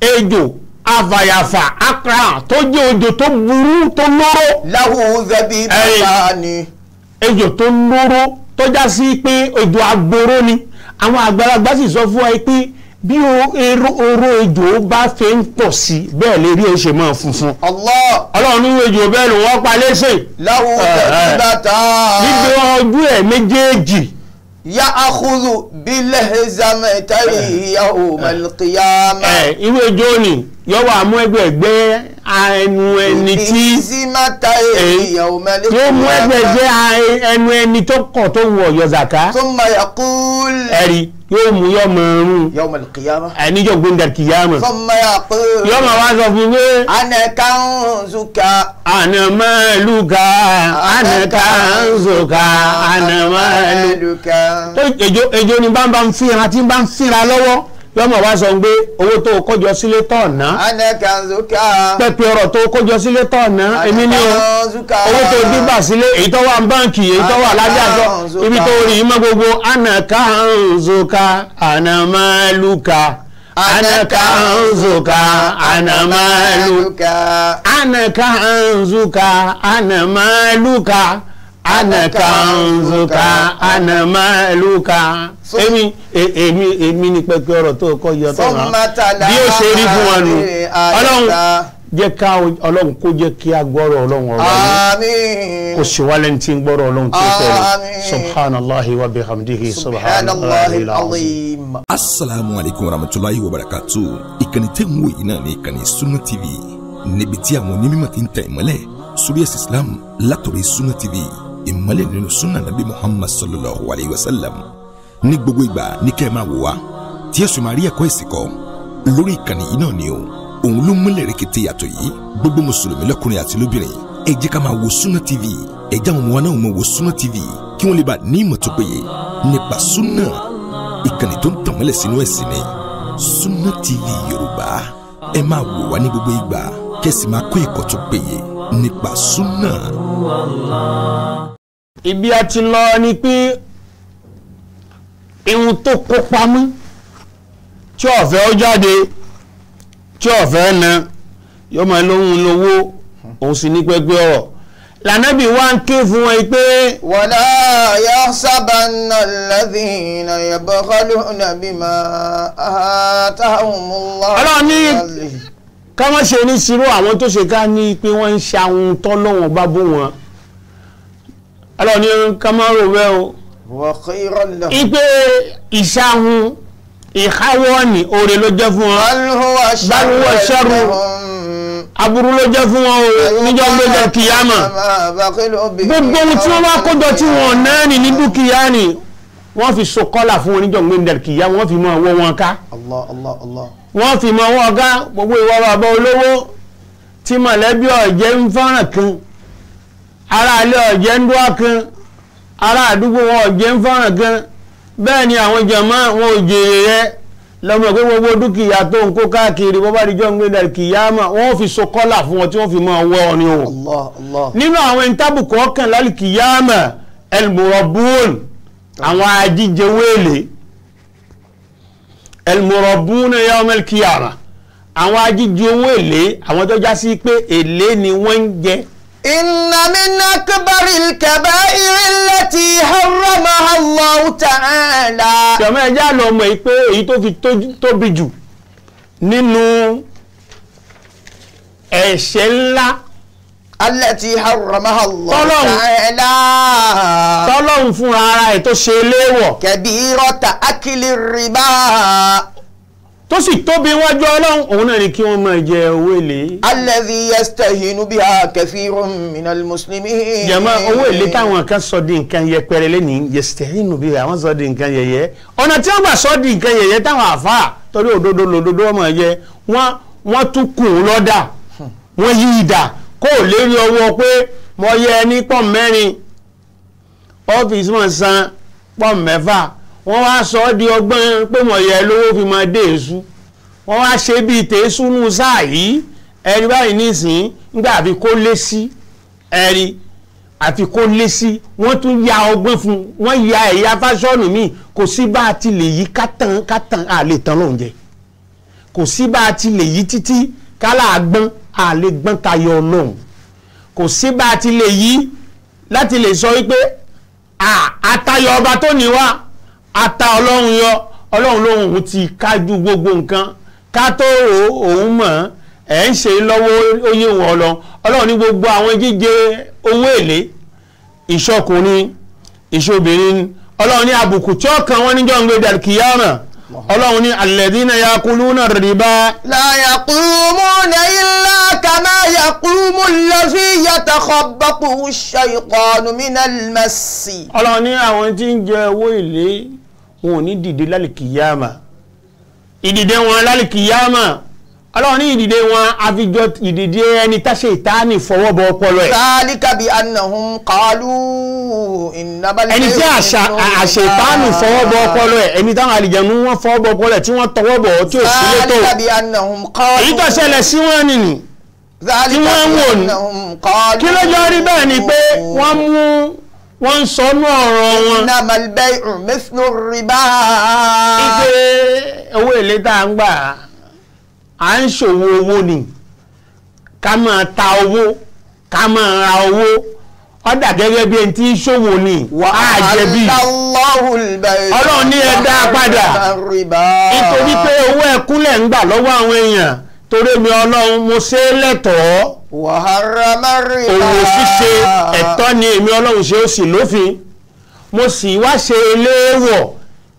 [SPEAKER 3] ejò avayafa akra tó jẹ́ ejò tó burú tó lóró. láwù zẹbi bàbá ni. ejò tó lóró tó já sí pé ejò agboro ni àwọn àgbàlagbà sì sọ fún wa pé bí oró ejò bá fẹ́ ń pọ̀ sí bẹ́ẹ̀ lè rí oṣù mọ́ funfun.
[SPEAKER 2] ọlọ́run ní ejò bẹ́ẹ̀ ló wọ́n pa léṣe. láwù zẹbi bàtà.
[SPEAKER 3] níbi ojú ẹ̀ méjèèjì.
[SPEAKER 2] يأخذ بالهزمتين يوم القيامة إيه, إيه،, إيه، جوني yọ wà mú ẹgbẹ́ ẹgbẹ́ ẹnu ẹni tí yóò mú ẹgbẹ́ ẹgbẹ́ ẹnu
[SPEAKER 3] ẹni tó kàn tó wù ọ̀yọ́ zaka ẹ̀rí yóò mú yọ mọ̀ ọ̀run ẹ̀níjọ́ gbẹ̀ndẹ̀ kìyàmọ̀
[SPEAKER 2] yọ mọ̀ wá sọ fún pé. anaka ń zuka. anamaluka anaka ń zuka anamaluka.
[SPEAKER 3] ejò ni bá ń bá ń fínra tí ń bá ń fínra lọ́wọ́ yọmọ wa sọ pé owó tó o kójọ sílé tọ̀ ná. pẹpẹ ọ̀rọ̀ tó o sílé tọ̀ èmi ní o owó tó o sílé èyí tó wà ní báǹkì èyí tó wà lájà ibi tó rí mọ́ gbogbo anaka nzoka anamaluka anaka nzoka anamaluka anaka nzoka anamaluka ana kanzuka ana maluka èmi e, èmi èmi ni pẹpẹ ọ̀rọ̀ tó kọ yọ tó hàn
[SPEAKER 2] bí ó ṣe rí fún wọn nù Ọlọ́run
[SPEAKER 3] jẹ́ ká Ọlọ́run kó jẹ́ kí a gbọ́rọ̀ Ọlọ́run ọ̀rọ̀ yìí kò sì wá lẹ́ni tí ń gbọ́rọ̀ Ọlọ́run tó tẹ̀lé subhanallahi wa bihamdihi subhanallahi alazim. asalaamu aleykum wa rahmatulahi wa barakatu ìkànnì tẹ́ ń wò yìí náà ní ìkànnì Sunna TV níbi tí àwọn onímọ̀ ti ń tẹ̀ ìmọ́lẹ̀ suriyas Islam látọ̀rẹ́ Sunna TV ìmọ́lẹ̀ nínú sunna nabi muhammad sallallahu alayhi wa sallam ní gbogbo ìgbà ní kẹ́ ẹ máa wò wá tí yẹ́sùn máa rí ẹ̀kọ́ ìsìnkọ́ lórí ìkànnì yìí náà ni o òun ló múlẹ̀ rẹ̀kẹ̀tẹ̀ yàtọ̀ yìí gbogbo mùsùlùmí lọ́kùnrin àti lóbìnrin ẹ jẹ́ ká máa wo súnà tv ẹ jẹ́ àwọn ọmọ wa náà mọ̀ wo súnà tv kí wọ́n lè bá ní ìmọ̀ tó péye
[SPEAKER 2] nípa súnà ìkànnì tó ń tànmọ́lẹ̀ sínú ẹ̀sìn ni súnà tv yorùbá ẹ máa wò wá ní gbogbo ìgbà kẹ́sì máa kó ẹ̀kọ́ tó péye nípa súnà.
[SPEAKER 3] ibi a ti lọ ni pé irun tó kó pamọ́ tí ọ̀fẹ́ ó jáde tí ọ̀fẹ́ na yóò máa lóhun lówó òun sì ní pẹ́pẹ́ ọ̀rọ̀ lànàbí wá ń ké fún wọn pé. wala
[SPEAKER 2] yahsabanna alladhina yabkhaluna bima atahumullah. ọlọ́run ní
[SPEAKER 3] ká má ṣe ní sírò àwọn tó ṣe ká ní pé wọ́n ń ṣe àwọn tọ́lọ́wọ́n bá bó wọn ọlọ́run ní ká má rò bẹ́ẹ̀ o ipe ìṣàhun ìháwọ́ ni oore ló jẹ́ fún wọn báwo ṣẹ́rù aburú ló jẹ́ fún wọn o níjọ́ gbẹ́jọ́ kìyàmà
[SPEAKER 2] gbogbo ohun tí wọ́n bá kójọ tí wọ́n
[SPEAKER 3] náà ní ní dúkìá ni wọ́n fi so kọ́là fún wọn níjọ́ gbẹ́jọ́ kìyàmà wọ́n fi mọ ọwọ́ wọn ká.
[SPEAKER 2] Allah Allah Allah.
[SPEAKER 3] wọ́n fi mọ ọwọ́ ọ̀gá gbogbo ìwọ bàbá olówó tí mọ̀lẹ́bí ọ̀jẹ́ ń fọ́nrán kan ará ọ̀jẹ́ ń àdúgbò wọn ọ̀jẹ́ bẹ́ẹ̀ ni àwọn jàmáà wọn ò jèrè rẹ lọ́mọ gbogbo káàkiri bọ́bá àdìjọ́ ń kìyàmà wọ́n fi so kọ́là fún wọn tí ọwọ́ ẹlmọrọbùnà yawmal kiyama àwọn ajíjí owó èlé àwọn tó já sí pé èlé ni wọ́n ń jẹ.
[SPEAKER 2] inna min akbaril kaba'iri allati harramaha Allahu ta'ala. sọmọ
[SPEAKER 3] ẹjẹ àná ọmọ yìí pé èyí tó fi tóbi jù nínú ẹ̀ṣẹ̀ ńlá alẹ́tì
[SPEAKER 2] haramaha Allah ta'ala. tọ́lọ́hún fúnra ara ẹ̀ tó ṣe léèwọ̀. kẹ̀bí rọ́ta akílì rìbá. tó sì tóbi wájú ọlọ́run òun náà ni kí wọ́n máa jẹ owó èlé. alladhi yastahinu biha kathirun minal muslimin. jàmá owó èlé
[SPEAKER 3] táwọn kan sọ di nǹkan yẹpẹrẹ lẹ́nìí yastahinu biha àwọn sọ di nǹkan yẹyẹ ọ̀nà tí wọ́n gbà sọ di nǹkan yẹyẹ táwọn àfa torí òdodo lòdodo ọmọ yẹ wọ́n tún kù lọ́dà wọ́n yí ìdá kó o lérí owó pé mo yẹ ẹ ní pọ́n mẹ́rin ọ́fíìsì mọ̀ san pọ́n mẹ́fà wọ́n wá sọ ọ́ di ọgbọ́n pé mo yẹ ẹ lówó fi máa dé èṣù wọ́n wá ṣe bíi tèésù nù sáà yìí ẹni báyìí nísìnyí nígbà àfi kó lé sí ẹni àfi kó lé sí wọ́n tún ya ọgbọ́n fún wọ́n ya ẹ̀yà fásọ́ọ̀nù míì kò sí bá a ti lè yí kátàn kátàn àlè tán lóúnjẹ kò sí bá a ti lè yí títí kálá àgbọn àlè gbọ́n tayọ ọlọ́run kò sí bá a ti lè yí láti lè sọ wípé àtayọ ọba tó ní wá ata ọlọ́run yọ ọlọ́run lóhun ti kájú gbogbo nǹkan ká tó òun mọ̀ ẹ̀ ń ṣe lọ́wọ́ oyè wọn lọ ọlọ́run ní gbogbo àwọn jíjẹ owó èlé ìṣọkùnrin ìṣobìnrin ọlọ́run ní àbùkù tí ọkàn wọn níjọ́ ń gbé dàkíyàrán ọlọ́run ní alladhina yakuluna rìbá.
[SPEAKER 2] la yaqumuna illa kama yaqumu allazi yatakhabbatu ash-shaytanu minal massi. ọlọ́run
[SPEAKER 3] ní àwọn tí ń jẹ owó èlé wọn ò ní dìde lálìkìyàmà ìdìde wọn lálìkìyàmà ọlọ́run ní ìdìde wọn àfijọ́ ìdìde ẹni táṣe ìtaánì fọwọ́ bọ ọpọlọ ẹ̀. sálíkà bíi
[SPEAKER 2] anahun kàálù ìnábàlẹ̀ ẹni tí àṣẹ ìtaánì fọwọ́ bọ ọpọlọ ẹ̀
[SPEAKER 3] ẹni táwọn àlìjẹ̀nu wọn fọwọ́ bọ ọpọlọ ẹ̀ tí wọ́n tọwọ́ bọ̀ tí ò sí létò. sálíkà bíi
[SPEAKER 2] anahun kàálù èyí tó ṣẹlẹ̀
[SPEAKER 3] sí wọn nìyí tí wọ́n ń wò ní
[SPEAKER 2] kí ló jọ rí bẹ́ẹ̀ ni pé wọ́n mú wọ́n ń sọnú ọ̀rọ̀ wọn. innamal bay'u mithlu riba. ìpè owó èlé tá à ń gbà
[SPEAKER 3] à ń ṣòwò owó ni ká máa ta owó ká máa ra owó ọ̀dà gẹ́gẹ́ bí ẹni tí ń ṣòwò ni á jẹ̀bi
[SPEAKER 2] ọlọ́run ní ẹ dá padà nítorí pé owó
[SPEAKER 3] ẹ̀kúnlẹ̀ ń gbà lọ́wọ́ àwọn èèyàn torí mi ọlọ́run mo ṣe é lẹ́tọ̀ọ́
[SPEAKER 2] òwò ṣíṣe
[SPEAKER 3] ẹ̀tọ́ ni èmi ọlọ́run ṣe ó sì lófin mo sì wá ṣe eléwọ̀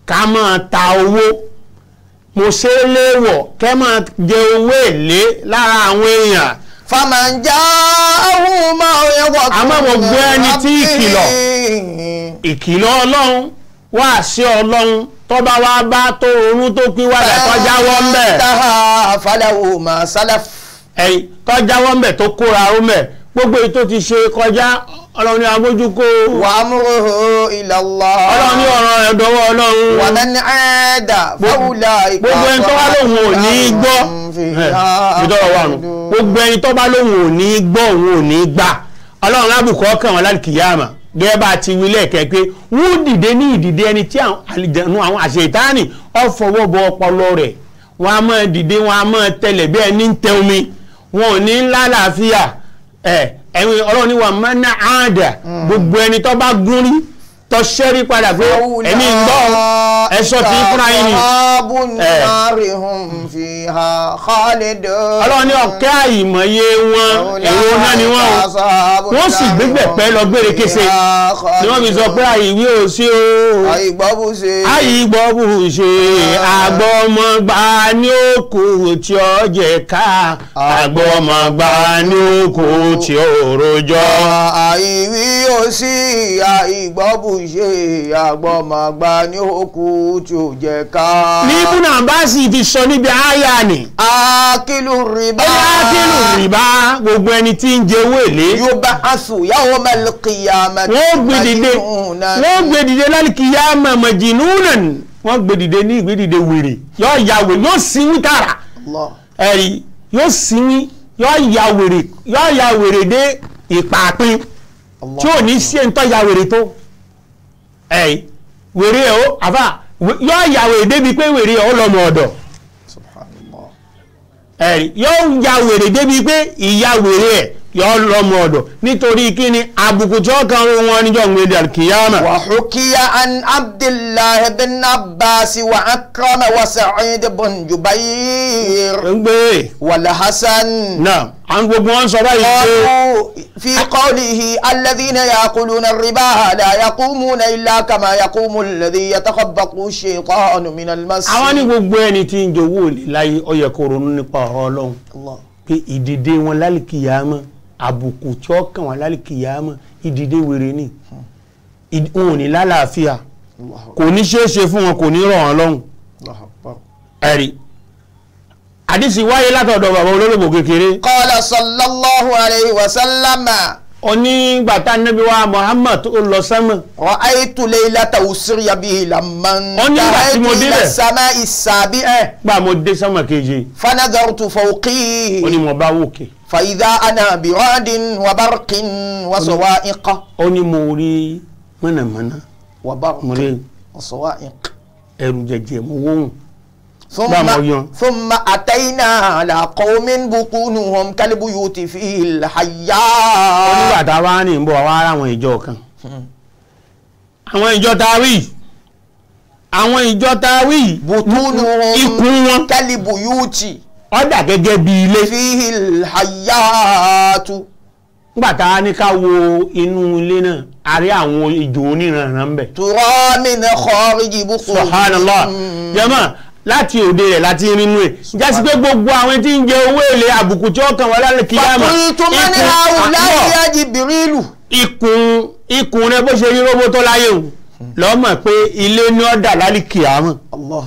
[SPEAKER 3] ká máa ta owó mo ṣe é léèwọ̀ kẹ́ máa jẹ owó èlé lára àwọn èèyàn
[SPEAKER 2] fàmàǹjà ọ̀hún máa ń yẹwọ́ tó àmọ́ mo gbé ẹni tí ìkìlọ̀
[SPEAKER 3] ìkìlọ̀ ọlọ́run wá sí ọlọ́run tó bá wá bá tó oorun tó pín wá kọjá wọ́n bẹ̀. fàlàwò mà sálà. ẹ̀yìn kọjá wọ́n bẹ̀ tó kóra ó mẹ̀ gbogbo èyí tó ti ṣe kọjá ọlọ́run ní agbójúkó
[SPEAKER 2] wà múròhó ìlàlá ọlọ́run ní ọ̀rọ̀ ẹ̀dọ́wọ́ ọlọ́run wà nání ẹ̀ẹ́dà fáwùlà ìpàkọ́
[SPEAKER 3] gbogbo ẹni tó bá ò ní gbọ́ gbọ́ òun ò ní gbà ọlọ́run lábùkọ́ kàn wọ́n láti kìyàmà gẹ́gẹ́ bá ti wí lẹ́ẹ̀kẹ́ pé wọ́n dìde ní ìdìde ẹni tí àwọn àṣetáàní ọ̀fọwọ́ bọ ọpọlọ rẹ̀ wọ́n á máa dìde wọ́n á máa tẹlẹ̀ bí tẹ omi wọn ò ní ńlá làáfíà ẹ̀ ẹ̀wìn ọlọ́run ni wà mọ́nà àádà hmm. gbogbo ẹni tó bá gún rí tọ́ṣẹ́rí padà pé ẹ̀mí ń gbọ́ ẹ̀ṣọ́ tí fúnra yín ni. ọlọ́run ní ọ̀kẹ́ àìmọye wọn èrò náà ni wọ́n wọ́n sì gbígbẹ̀ pẹ́ lọ gbére kése ni wọ́n fi sọ pé àìwí ò sí o
[SPEAKER 2] àìgbọ́bùṣe
[SPEAKER 3] ah. àgbọ̀mọ̀gbà ní òkú tí ó
[SPEAKER 2] jẹ ká ah. àgbọ̀mọ̀gbà ní
[SPEAKER 3] òkú tí ó rojọ́. Ah.
[SPEAKER 2] àìwí ò sí àìgbọ́bùṣe ṣe àgbọ̀mọ̀gbà ní òkú tí ò jẹ ká. ní ibùn
[SPEAKER 3] àbáṣì ti sọ níbi àyà ni.
[SPEAKER 2] akílù rìbá. ó yá akílù
[SPEAKER 3] rìbá gbogbo ẹni tí ń jẹ owó èlé. yóò
[SPEAKER 2] bá aṣù yàwó mẹ́lìkìyà mẹ́jìnúnà. wọ́n gbé dìde wọ́n gbé
[SPEAKER 3] dìde lálìkìyà mẹ́jìnúnà wọ́n gbé ní ìgbé wèrè yóò ya wèrè yóò sinmi tààrà ẹ̀rí yóò sinmi yóò ya wèrè dé ìpàpín tí ò ní sí ẹ̀ńtọ́ ya wèrè tó ẹ̀yìn wèrè ẹ̀ ó àfà yóò yàwó èdè bíi pé wèrè ẹ̀ ó lọ́mọ ọ̀dọ̀ ẹ̀yìn yóò yàwó èdè bíi pé ìyá wèrè ẹ̀ yọ lọmọ ọ̀dọ̀ nítorí
[SPEAKER 2] kíni àbùkù tí ó kan wọn níjọ́ gbèdé alkiyama. wà hukiya an abdullahi bin abbas wa akrama wa sa'id bin jubair. ń gbé. wàlá hasan. naam àwọn gbogbo wọn sọ báyìí pé. ọ̀hún fi qawlihi alladhina yaakuluna riba la yaqumuna illa kama yaqumu alladhi yatakhabbathu shaytanu minal mas. àwọn ní
[SPEAKER 3] gbogbo ẹni tí ń jowó láyé ó yẹ nípa ọ̀rọ̀ pé ìdìde wọn lálùkìyàmọ́ àbùkù tí ó kàn wọ́n lálìkìyàmọ̀ ìdìde wèrè ni wọn ò ní lálàáfíà kò ní ṣeé ṣe fún wọn kò ní rọ̀ wọ́n lọ́rùn ẹ̀rí àdìsí wáyé látọ̀dọ̀ bàbá olólùgbò kékeré.
[SPEAKER 2] kọ́lá sallallahu alayhi wa sallama onígbà tá nẹ́bí wa Muhammad ó lọ sánmọ̀. ọ ayé tó lé ilata òsírí àbí ìlànà. onígbà tí mo dé bẹ̀. sàmà ìsàbí ẹ. gba mo
[SPEAKER 3] dé sánmọ̀ keje. fanagaru tó
[SPEAKER 2] fọ òkè. ó ní mo bá wòkè. fàyídà àná bìrọ́dìn wàbárkin wàsọ̀wá
[SPEAKER 3] ikọ̀. ó mo rí mọ̀nàmọ́ná. wàbárkin
[SPEAKER 2] wàsọ̀wá ikọ̀.
[SPEAKER 3] ẹrù jẹjẹ mo wóhùn. ثم
[SPEAKER 2] أتينا على قوم بطونهم كالبيوت في الحياة. nígbà tá a wá
[SPEAKER 3] ní ìbọ̀ wá ara àwọn ìjọ kan hmm. àwọn ìjọ tá a wí àwọn ìjọ tá a wí ikùn wọn kalibuyuti ọ̀dà gẹ́gẹ́ bí ilé fi hayatu. nígbà ní ká wo inú ilé náà a rí àwọn ìjò oníranran ń bẹ. tùrọ́ mi ní kọ́ọ́rì
[SPEAKER 2] jìbù kùn. subhanallah
[SPEAKER 3] láti òde rẹ̀ láti irinú ẹ̀ jásí pé gbogbo àwọn tí ń jẹ owó èlé àbùkù tí ó kàn wọ́n lálẹ́ kíyàmá ìkùn àkọ́ ìkùn ìkùn rẹ bó ṣe rí róbó tó láyé o lọ́mọ̀ pé ilé ní ọ̀dà lálẹ́ kíyàmá wọ́n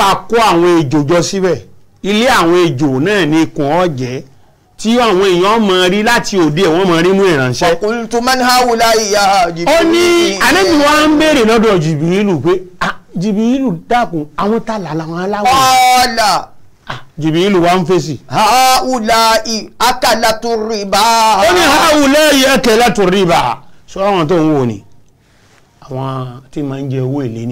[SPEAKER 3] wá kó àwọn ejò jọ síbẹ̀ ilé àwọn ejò náà ní ìkùn ọ̀jẹ́ tí àwọn èèyàn mọ̀ rí láti òde wọ́n mọ̀ rí mú ìránṣẹ́. ọkùnrin tó máa ń háwù láyé ìyá jìbìrìlù. ó ní àlejò wa ń béèrè lọ́dọ̀ jìbìrìlù pé ah jìbìlù dákun àwọn tá là làwọn aláwọ̀. ọ̀la. Ah, jìbìlù wa ń fèsì. haula akalatu riba. ó ní haula akalatu riba. sọ àwọn tó ń wò ni àwọn tí máa ń jẹ owó èlé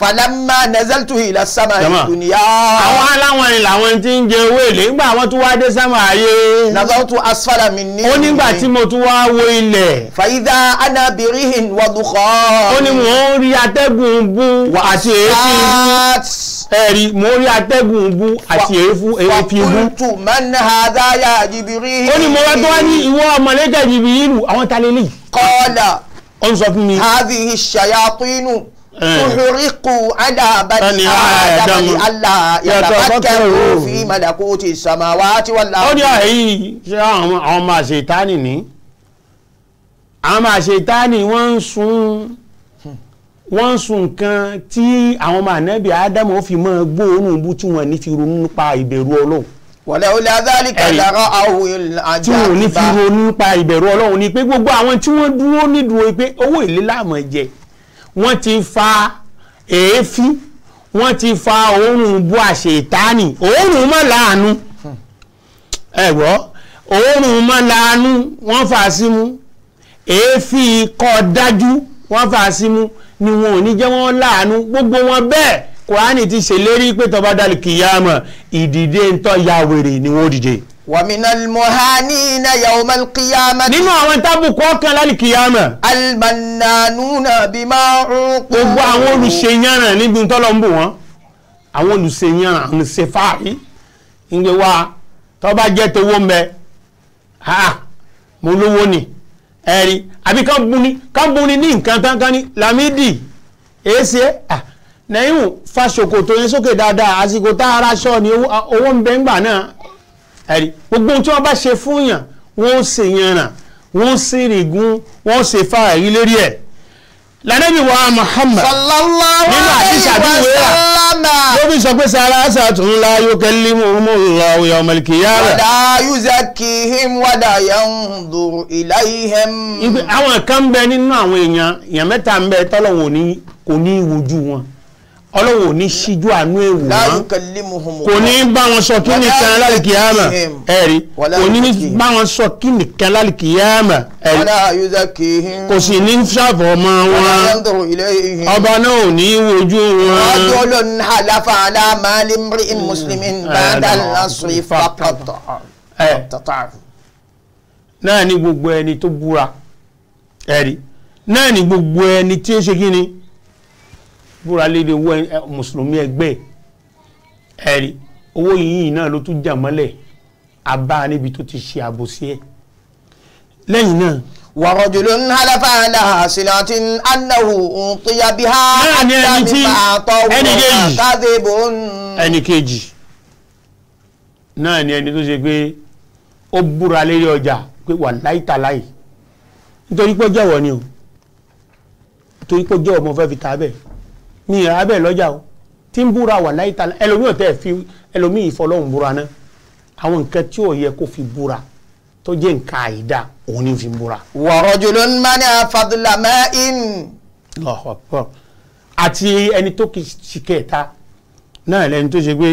[SPEAKER 2] falamma nazaltu ila sama dunya. àwọn aláwọn ni làwọn ti ń jẹ owó èlé nígbà àwọn tó wá dé sámà ayé. nazaltu asfala minni. ó nígbà tí mo tún wá wo ilẹ̀. fàyídà ana birihin wa dukhan. ó ní mò ń rí atẹ́gùn bú àti èéfín ẹ̀rí mò ń rí atẹ́gùn bú àti èéfín bú. wàkúntù man hadha ya jibiri. ó ní mo wá ní ìwọ ọmọlẹ́jà
[SPEAKER 3] jìbìrì àwọn
[SPEAKER 2] talẹ́lẹ̀. Eh. tuhuriku adabati adabati ala ah, eh, yàtọ̀bákẹ́rù fi madako ti samawa ti wà láàrín. ó ní
[SPEAKER 3] àyí ṣé àwọn ọmọ àṣetáni ní àwọn àṣetáni wọ́n ń sun wọ́n ń sun nǹkan tí àwọn ọmọ ànábì ádámù ó fi mọ́ gbóòórùn bú tí wọ́n ní fi ronú nípa ìbẹ̀rù ọlọ́run wọ̀lẹ́ olè azálìkà lára àwọn
[SPEAKER 2] àjà tí wọ́n ní fi ronú
[SPEAKER 3] nípa ìbẹ̀rù ọlọ́run ni pé gbogbo àwọn tí wọ́n dúró nídùú pé owó ìlélámọ̀ jẹ́ wọ́n ti fa èéfín wọ́n ti fa òórùn bú àṣetánì òórùn mọ́ láàánú ẹ̀gbọ́ òórùn mọ́ láàánú wọ́n fà á símú èéfín kọ́ dájú wọ́n fà símú ni wọn ò ní jẹ́ wọ́n láàánú gbogbo wọn bẹ́ẹ̀ kùránì ti ṣèlérí pé tó bá kìyàmọ̀ ìdìde ń tọ́ ya wèrè ni wọ́n dìde
[SPEAKER 2] wàmínàl mọ̀hání na yàwùmá kìyàmà. nínú àwọn tábùkù
[SPEAKER 3] ọkàn lálẹ́ kìyàmà.
[SPEAKER 2] almananuna bí máa ń kú. gbogbo àwọn olùṣèyànràn
[SPEAKER 3] níbi tọ́lọ̀ ń bù wọ́n àwọn olùṣèyànràn àwọn ṣèfàárí ìgbé wa tó bá jẹ́ tówó ń bẹ ha mo lówó ni ẹ̀rí àbí kán buni kán buni ní nǹkan kankan ní Lamidi èsì ẹ̀ nẹ́yìn fàṣokò tó yẹ sókè dáadáa àsìkò tá a ra aṣọ ni owó ń bẹ ń gbà náà ẹ̀rí gbogbo ohun tí wọ́n bá ṣe fún yàn wọ́n ṣe yanràn wọ́n ṣe wọ́n ẹ̀ lànàbí wa Muhammad nínú
[SPEAKER 2] àdìsá bí wéra ló fi sọ pé sara la
[SPEAKER 3] yukallimuhumullahu yawmal qiyamah. wala
[SPEAKER 2] yuzakkihim wala yanzuru ilayhim.
[SPEAKER 3] àwọn kan bẹ nínú àwọn èèyàn èèyàn mẹ́ta ń bẹ tọ́lọ̀ wò ní kò ní ìwojú wọn. ọlọ́wọ́ ò ní ṣíjú àánú èwù
[SPEAKER 2] wọn kò ní bá wọn sọ kí nìkan lálìkì yàmà
[SPEAKER 3] ẹ̀rí kò ní bá wọn sọ kí nìkan lálìkì yàmà ẹ̀rí
[SPEAKER 2] kò sì ní ṣàfọ̀ ọmọ wọn ọba náà ò ní wojú wọn. ọjọ́ olóńgbò àlàfà àlàmà lèmírí mùsùlùmí bàdà lásìrì fàkàtà.
[SPEAKER 3] náà ni gbogbo ẹni tó búra ẹ̀rí náà ni gbogbo ẹni tí ó ṣe kí ni búra léde owó mùsùlùmí ẹgbẹ́ ẹ̀rí owó yìnyín náà ló tún jà mọ́lẹ̀ abá níbi tó ti ṣe àbòsí ẹ̀ lẹ́yìn náà.
[SPEAKER 2] wàrọ̀jùlù ń halafa aláhàsílẹ̀ àti anáwó òǹkìyà bí ha tàbí pàtó wọn káde bò ń.
[SPEAKER 3] ẹnì kejì náà ni ẹni tó ṣe pé ó búra lérí ọjà pé wà láìtàláì nítorí pé ó jẹ́wọ́ ni o nítorí pé ó jẹ́wọ́ mo fẹ́ fi ta bẹ́ẹ̀ mi ìrà bẹ́ẹ̀ lọ́jà o tí ń búra wà láyé ta ẹlòmíì ò tẹ́ fi ẹlòmíì ìfọlọ́hún búra náà àwọn nǹkan tí ò yẹ kó fi búra tó jẹ́ nǹkan àìda òun ni fi ń búra. wa rajulun mani afadula ma'in. àti ẹni tó kì í ṣe kẹta náà lẹni tó ṣe pé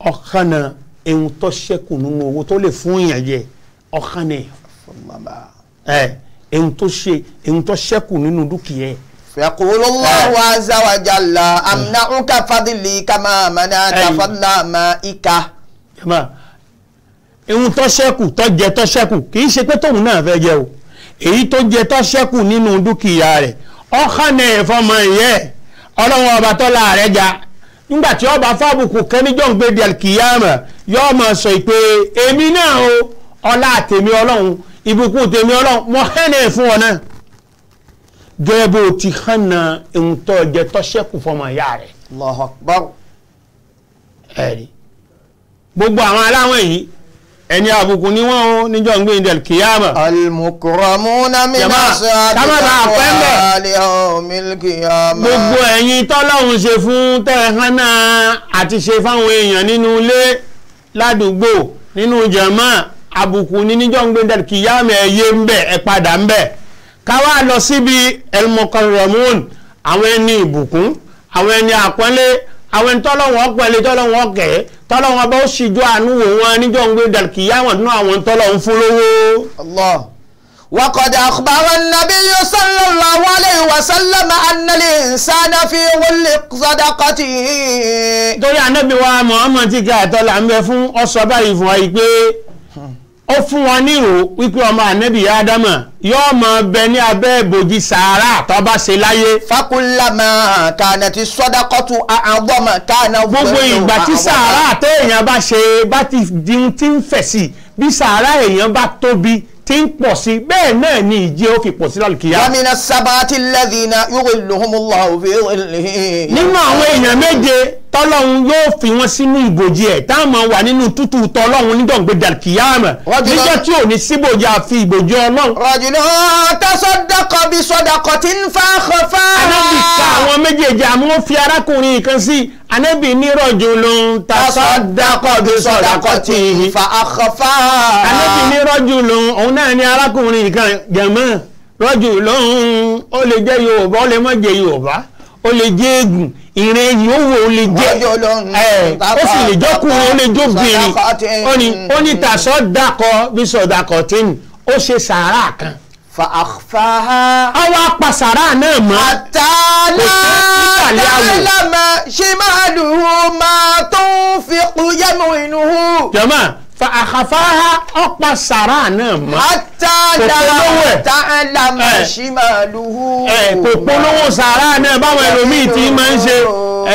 [SPEAKER 3] ọ̀kan náà ehun tó ṣẹ́kù nínú owó tó lè fún èèyàn jẹ ọ̀kan náà ehun tó ṣẹ́kù nínú dúkìá ẹ̀.
[SPEAKER 2] يقول الله عز وجل أمنعك فضلي كما منعت فضل مائك ihun tó ṣẹ́kù tó jẹ tó ṣẹ́kù kì í ṣe pé tóun náà fẹ́ jẹ o
[SPEAKER 3] èyí tó jẹ tó ṣẹ́kù nínú dúkìá rẹ̀ ọ̀hánà ẹ̀fọ́mọ ìyẹ́ ọlọ́run ọba tó láàrẹ̀ já nígbà tí ọba fábùkù kẹ́níjọ́ ń gbé di alkiyama yóò máa sọ pé èmi náà o ọlá tèmi ọlọ́run ìbùkún tèmi ọlọ́run mo hẹ́nà fún ọ náà gẹ́gẹ́ bó ti hànà ìhùntọ́ jẹ tọ́ṣẹ́kù fọmọ ìyá rẹ̀. Allahu ẹ̀rí gbogbo àwọn aláwọ̀ yìí ẹni àbùkù ni wọ́n ń níjọ́ ń gbé ìdẹ̀lù kìyàmà. al-mukramuna
[SPEAKER 2] min ashabil aliyahumil kìyàmà. gbogbo
[SPEAKER 3] ẹ̀yin tọ́lọ́hún ṣe fún tẹ̀hánà àti ṣe fáwọn èèyàn nínú ilé ládùúgbò nínú jàmá àbùkù ni níjọ́ ń gbé ìdẹ̀lù kìyàmà ẹ̀yẹ ń bẹ̀ ẹ̀ padà ń bẹ̀ káwá lọ síbi elmokarramun àwọn ẹni ìbùkún àwọn ẹni àpọ́nlé àwọn ẹni tọ́lọ́wọ́n pẹ̀lẹ́ tọ́lọ́wọ́n kẹ́ tọ́lọ́wọ́n bá ó ṣíjú àánú wò wọn níjọ́ ń gbé dàkí yáwọn nínú àwọn tọ́lọ́wọ́n fún lówó. Allah wa qad akhbara
[SPEAKER 2] an-nabiyyu sallallahu alayhi wa sallam anna al-insana fi ghulli sadaqatihi. torí ànábì wa Muhammad ti ga àtọ́là
[SPEAKER 3] ó fún wọn nírò wípé ọmọ ànẹ́bí ádámà yóò mọ bẹ ní abẹ́ ìbòjì sàárà tọ́ba ṣe láyé. fakulama kànà
[SPEAKER 2] ti sọdakọtu
[SPEAKER 3] àgbọmọ kànà. gbogbo ìgbà tí sàárà tó èèyàn bá ṣe bá ti di ohun ń fẹ̀ sí bí sàárà èèyàn bá tóbi tí ń pọ̀ sí bẹ́ẹ̀ náà ni ìjẹ́ ó fi pọ̀ sí lálùkìyà. wa mina sabati
[SPEAKER 2] alladhina yughilluhumullahu fi dhillihi. nínú àwọn èèyàn méje
[SPEAKER 3] tọ́lọ́run yóò fi wọ́n sínú ìbòjì ẹ̀ táwọn wà nínú tútù tọ́lọ́run nígbà gbẹdà kìyàmà níjọ́ tí ò ní síbòjì àfi ìbòjì ọlọ́run. rọ̀jùlọ tọ́sọ́dọ́kọ bíi sọ́dọ̀kọ tí ń fa àkọ́fà. anábì ká àwọn méjèèjì àmọ́ fi arákùnrin kan sí anábì ní rọ̀jùlọ tọ́sọ́dọ́kọ bíi sọ́dọ̀kọ tí
[SPEAKER 2] ń fa àkọ́fà.
[SPEAKER 3] anábì ní rọ̀jùlọ òun náà ní arákùnrin kan jẹ̀mọ́ rọ̀jùlọ ó lè jẹ́ Yorùbá ó lè má jẹ́ Yorùbá ó lè jẹ́ eégún ìrìn yòówù ó lè jẹ́ ó sì lè jọ́kùnrin ó lè jóbìnrin ó ní ó ní tàṣọ́ dàkọ bí sọ̀dàkọ̀ tẹ́nu ó ṣe sàárà kan
[SPEAKER 2] fàáfàá. a wá pa sàrà náà mọ́. àtàlà àtàlà ṣe máa lù ú máa tó ń fi kú yẹ́mu inú. jọ̀mọ́
[SPEAKER 3] fa àkàfáhà ọ̀pá sàrà náà mọ́.
[SPEAKER 2] àtàdàlọ́wọ́ tààlàmà ṣìmàlúhù. ẹ kò polówó sàrà náà báwọn ẹlòmíì tí máa ń
[SPEAKER 3] ṣe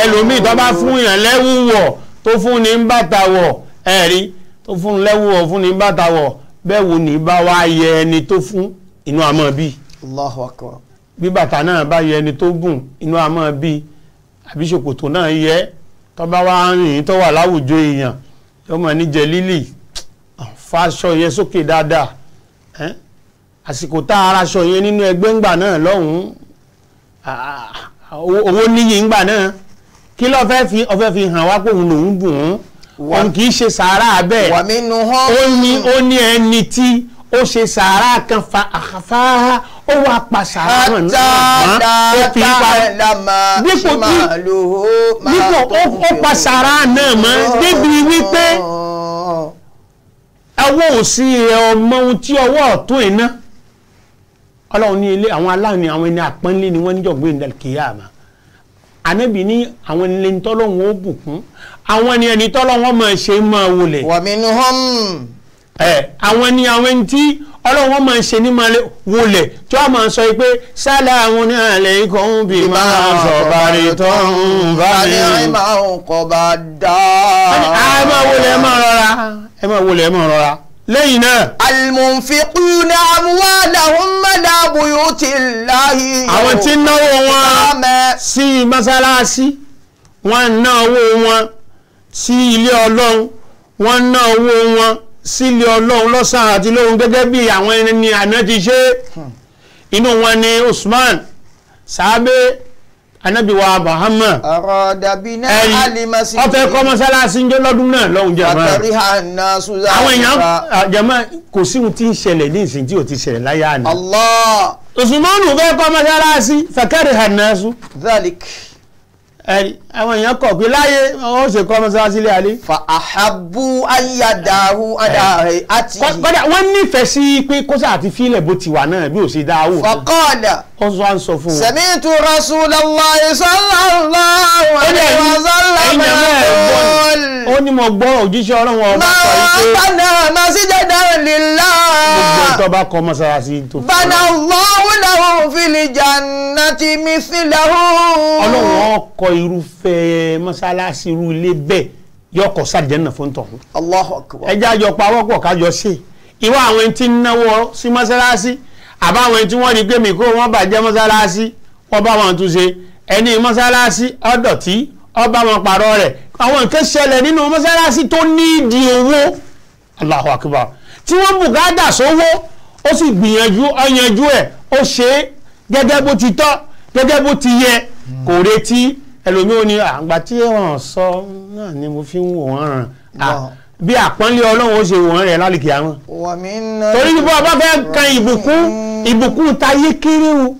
[SPEAKER 3] ẹlòmíì tó bá fún yàn lẹ́wù wọ̀ tó fún ní bàtà wọ̀ ẹ̀rí tó fún lẹ́wù wọ̀ fún ní bàtà wọ̀ bẹ́ẹ̀ wo ní bá wá yẹ ẹni tó fún inú àmọ́ bí.
[SPEAKER 2] Allahu akbar.
[SPEAKER 3] bí bàtà náà bá yẹ ẹni tó gùn inú àmọ́ bí àbí ṣòkòtò náà yẹ tó bá wá rìn tó wà láwùjọ èèyàn ọmọ ní jẹlílì fàṣọ yẹn sókè dáadáa àsìkò tá ara aṣọ yẹn nínú ẹgbẹ́ ńgbà náà lọ́hùn-ún owó níyì ńgbà náà kí ló fẹ́ fi ó fẹ́ fi hàn wá pé òun lòún bùn òun kì í ṣe sàárà bẹ́ẹ̀ ó ní ẹni tí ó ṣe sàárà kan fa àfáà
[SPEAKER 2] ó wá pa sàárà náà náà ó fi pa dípò tí dípò ó pa sàárà náà mọ́ débi wípé
[SPEAKER 3] ẹwọ́ òsì ọmọ ohun tí ọwọ́ ọ̀tún iná ọlọ́run ní ilé àwọn aláàánú àwọn ẹni àpọ́nlé ni wọ́n níjọ̀gbìn ìdàkìyàmà ànábì ní àwọn ẹni tọ́lọ́run ó bùkún àwọn ẹni ẹni tọ́lọ́run ó máa ṣe máa wọlé.
[SPEAKER 2] wàmínú hàn
[SPEAKER 3] àwọn ni àwọn tí ọlọ́run wọn máa ń ṣe ní máa wọlé tí wọ́n máa ń sọ pé sálà àwọn ní àlẹ́ ikọ̀ ń bí máa sọ bàrẹ̀ tó ń bá ní. bá dá. ẹ
[SPEAKER 2] máa wọlé ẹ máa rọra
[SPEAKER 3] ẹ máa wọlé ẹ máa rọra lẹ́yìn náà.
[SPEAKER 2] almunfiquna amwalahum àwọn tí ń náwó wọn
[SPEAKER 3] sí mọ́sálásí wọ́n ń wọn sí ilé ọlọ́run wọ́n ń wọn sílé ọlọ́run lọ́sàn àti lóhun gẹ́gẹ́ bí àwọn ẹni àná ti ṣe inú wọn ni Usman sàábé anabiwa Muhammad
[SPEAKER 2] ọfẹ kọ́ mọ́sálásí
[SPEAKER 3] njẹ lọ́dún náà lọ́hùn jẹmọ àwọn èèyàn jẹmọ kò sí ohun tí ń ṣẹlẹ̀ ní ìsìn tí ò ti ṣẹlẹ̀ láyé àná
[SPEAKER 2] Usman fẹ́ kọ́ mọ́sálásí
[SPEAKER 3] fẹkẹrì hànásù ẹ̀rí àwọn èèyàn kọ̀ pé láyé wọ́n ṣe kọ́ mọ́sálásí ilé alẹ́. fa àhábù ayédáhù adáhẹ àti. kọ́dà wọ́n nífẹ̀ẹ́ sí pé kóṣà àti fílẹ̀ bó ti wà náà bí ò ṣe dáhù.
[SPEAKER 2] fọkọ́ọ̀dà.
[SPEAKER 3] ó sọ à ń sọ fún un.
[SPEAKER 2] sami'tu rasulallahi sallallahu alaihi wa sallam.
[SPEAKER 3] ó ní mo gbọ́ òjíṣẹ́ ọlọ́run ọba
[SPEAKER 2] sọ wípé. máa bánà masjidan lillah.
[SPEAKER 3] gbogbo ìtọ́ bá kọ́ mọ́sálásí tó fún un. bánà
[SPEAKER 2] Allahu lahu fil jannati mithlahu. ọlọ́run ọkọ̀
[SPEAKER 3] kọ́ irúfẹ́ mọ́sálásí irú ilé bẹ́ẹ̀ yọ kọ́ fún tọ̀hún. akbar. ẹjẹ́ àjọ pawọ́pọ̀ kájọ ṣe ìwọ àwọn tí ń náwó sí mọ́sálásí àbá àwọn tí wọ́n rí pé mi kó wọ́n bàjẹ́ mọ́sálásí wọ́n bá wọn tún ṣe ẹni mọ́sálásí ọ̀dọ̀tí ọba wọn pààrọ̀ rẹ̀ àwọn nǹkan ṣẹlẹ̀ nínú mọ́sálásí tó ní owó Allahu akbar tí wọ́n bùkátà sówó ó sì gbìyànjú ọ̀yànjú ẹ̀ ó ṣe gẹ́gẹ́ bó ti tọ́ gẹ́gẹ́ bó ti yẹ kò retí ẹlòmí ò ní àgbà tí wọ́n sọ náà ni mo fi ń wò wọ́n ràn bí àpọ́nlé ọlọ́run ó ṣe wò wọ́n rẹ̀ lálùkì àwọn.
[SPEAKER 2] torí bí bọ́ọ̀ bá fẹ́ kan ìbùkún
[SPEAKER 3] ìbùkún tayé kéré o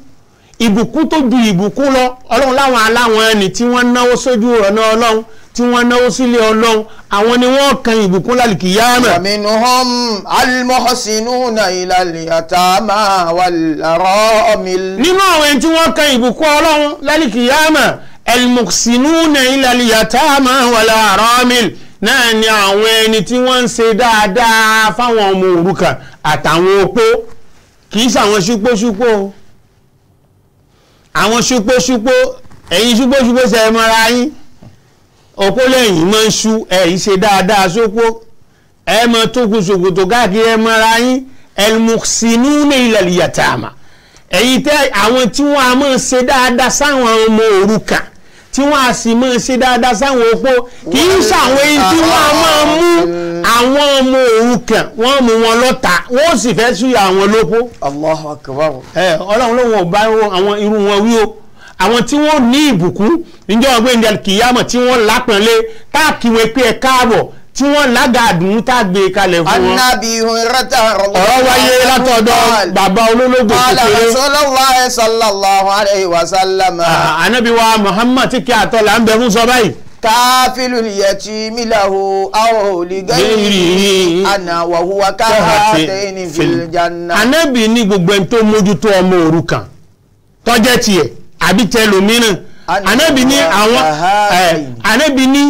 [SPEAKER 3] ìbùkún tó ju ìbùkún lọ ọlọ́run láwọn aláwọn ẹni tí
[SPEAKER 2] wọ́n náwó sójú ọ̀nà ọlọ́run tí wọ́n náwó sílé ọlọ́run àwọn ni wọ́n kan ìbùkún lálùkì yáàmà. wàmínúhọ́m alimọ́sínú na ìlàlẹ̀ àtàmà wàlárọ́ mi.
[SPEAKER 3] nínú àwọn ẹni tí wọ́n kan ìbùkún ọlọ́run lálùkì yáàmà elmuksinuna ilal yatama wal aramil náà ni àwọn ẹni tí wọ́n ń ṣe dáadáa fáwọn ọmọ òrukàn àtàwọn opó kì í ṣàwọn ṣúpóṣúpó àwọn ṣúpóṣúpó ẹ̀yin ṣúpóṣúpó ṣe é mọ́ra yín opó lẹ́yìn máa ń ṣú ẹ̀yin ṣe dáadáa sópó ẹ mọ tókun ṣòkòtò káàkiri ẹ mọ́ra yín elmuksinuna ilal yatama ẹ̀yin tẹ́ àwọn tí wọ́n á máa ṣe dáadáa sáwọn ọmọ òrukàn tí wọ́n á sì máa ṣe dáadáa sáwọn opó kì í ṣàwọn èyí tí wọ́n á máa mú àwọn ọmọ òrukàn wọ́n mú wọn lọ́ta wọ́n sì fẹ́ súyà àwọn lópó. Allahu akbar. ẹ ọlọ́run ló wọn ò bá àwọn irú wọn wí o àwọn tí wọ́n ní ìbùkún níjọ́ ọgbẹ́ ìdíyàlì kìyàmọ̀ tí wọ́n lápẹ̀lẹ́ táàkì pé ẹ káàbọ̀ tí wọ́n lágàdùn tá gbé kalẹ̀ fún wọn. anabi
[SPEAKER 2] hurata ọ̀rọ̀ wáyé látọ̀dọ̀ bàbá olólogbo kékeré. alàmásọ́lọ́wọ́ sallallahu alayhi wa sallam. anabi ah, ah, wa muhammad tí kí àtọ́lá ń bẹ fún sọ báyìí. káfílù yẹtí mílàhù àwọn olùgbẹ́yìí àná wàhùwà ní fìlìjànà. anabi ní gbogbo ẹni tó
[SPEAKER 3] mójútó ọmọ òrukàn tọ́jẹ́ tiẹ̀ àbí tẹlòmíràn anabi ní àwọn anabi eh, ní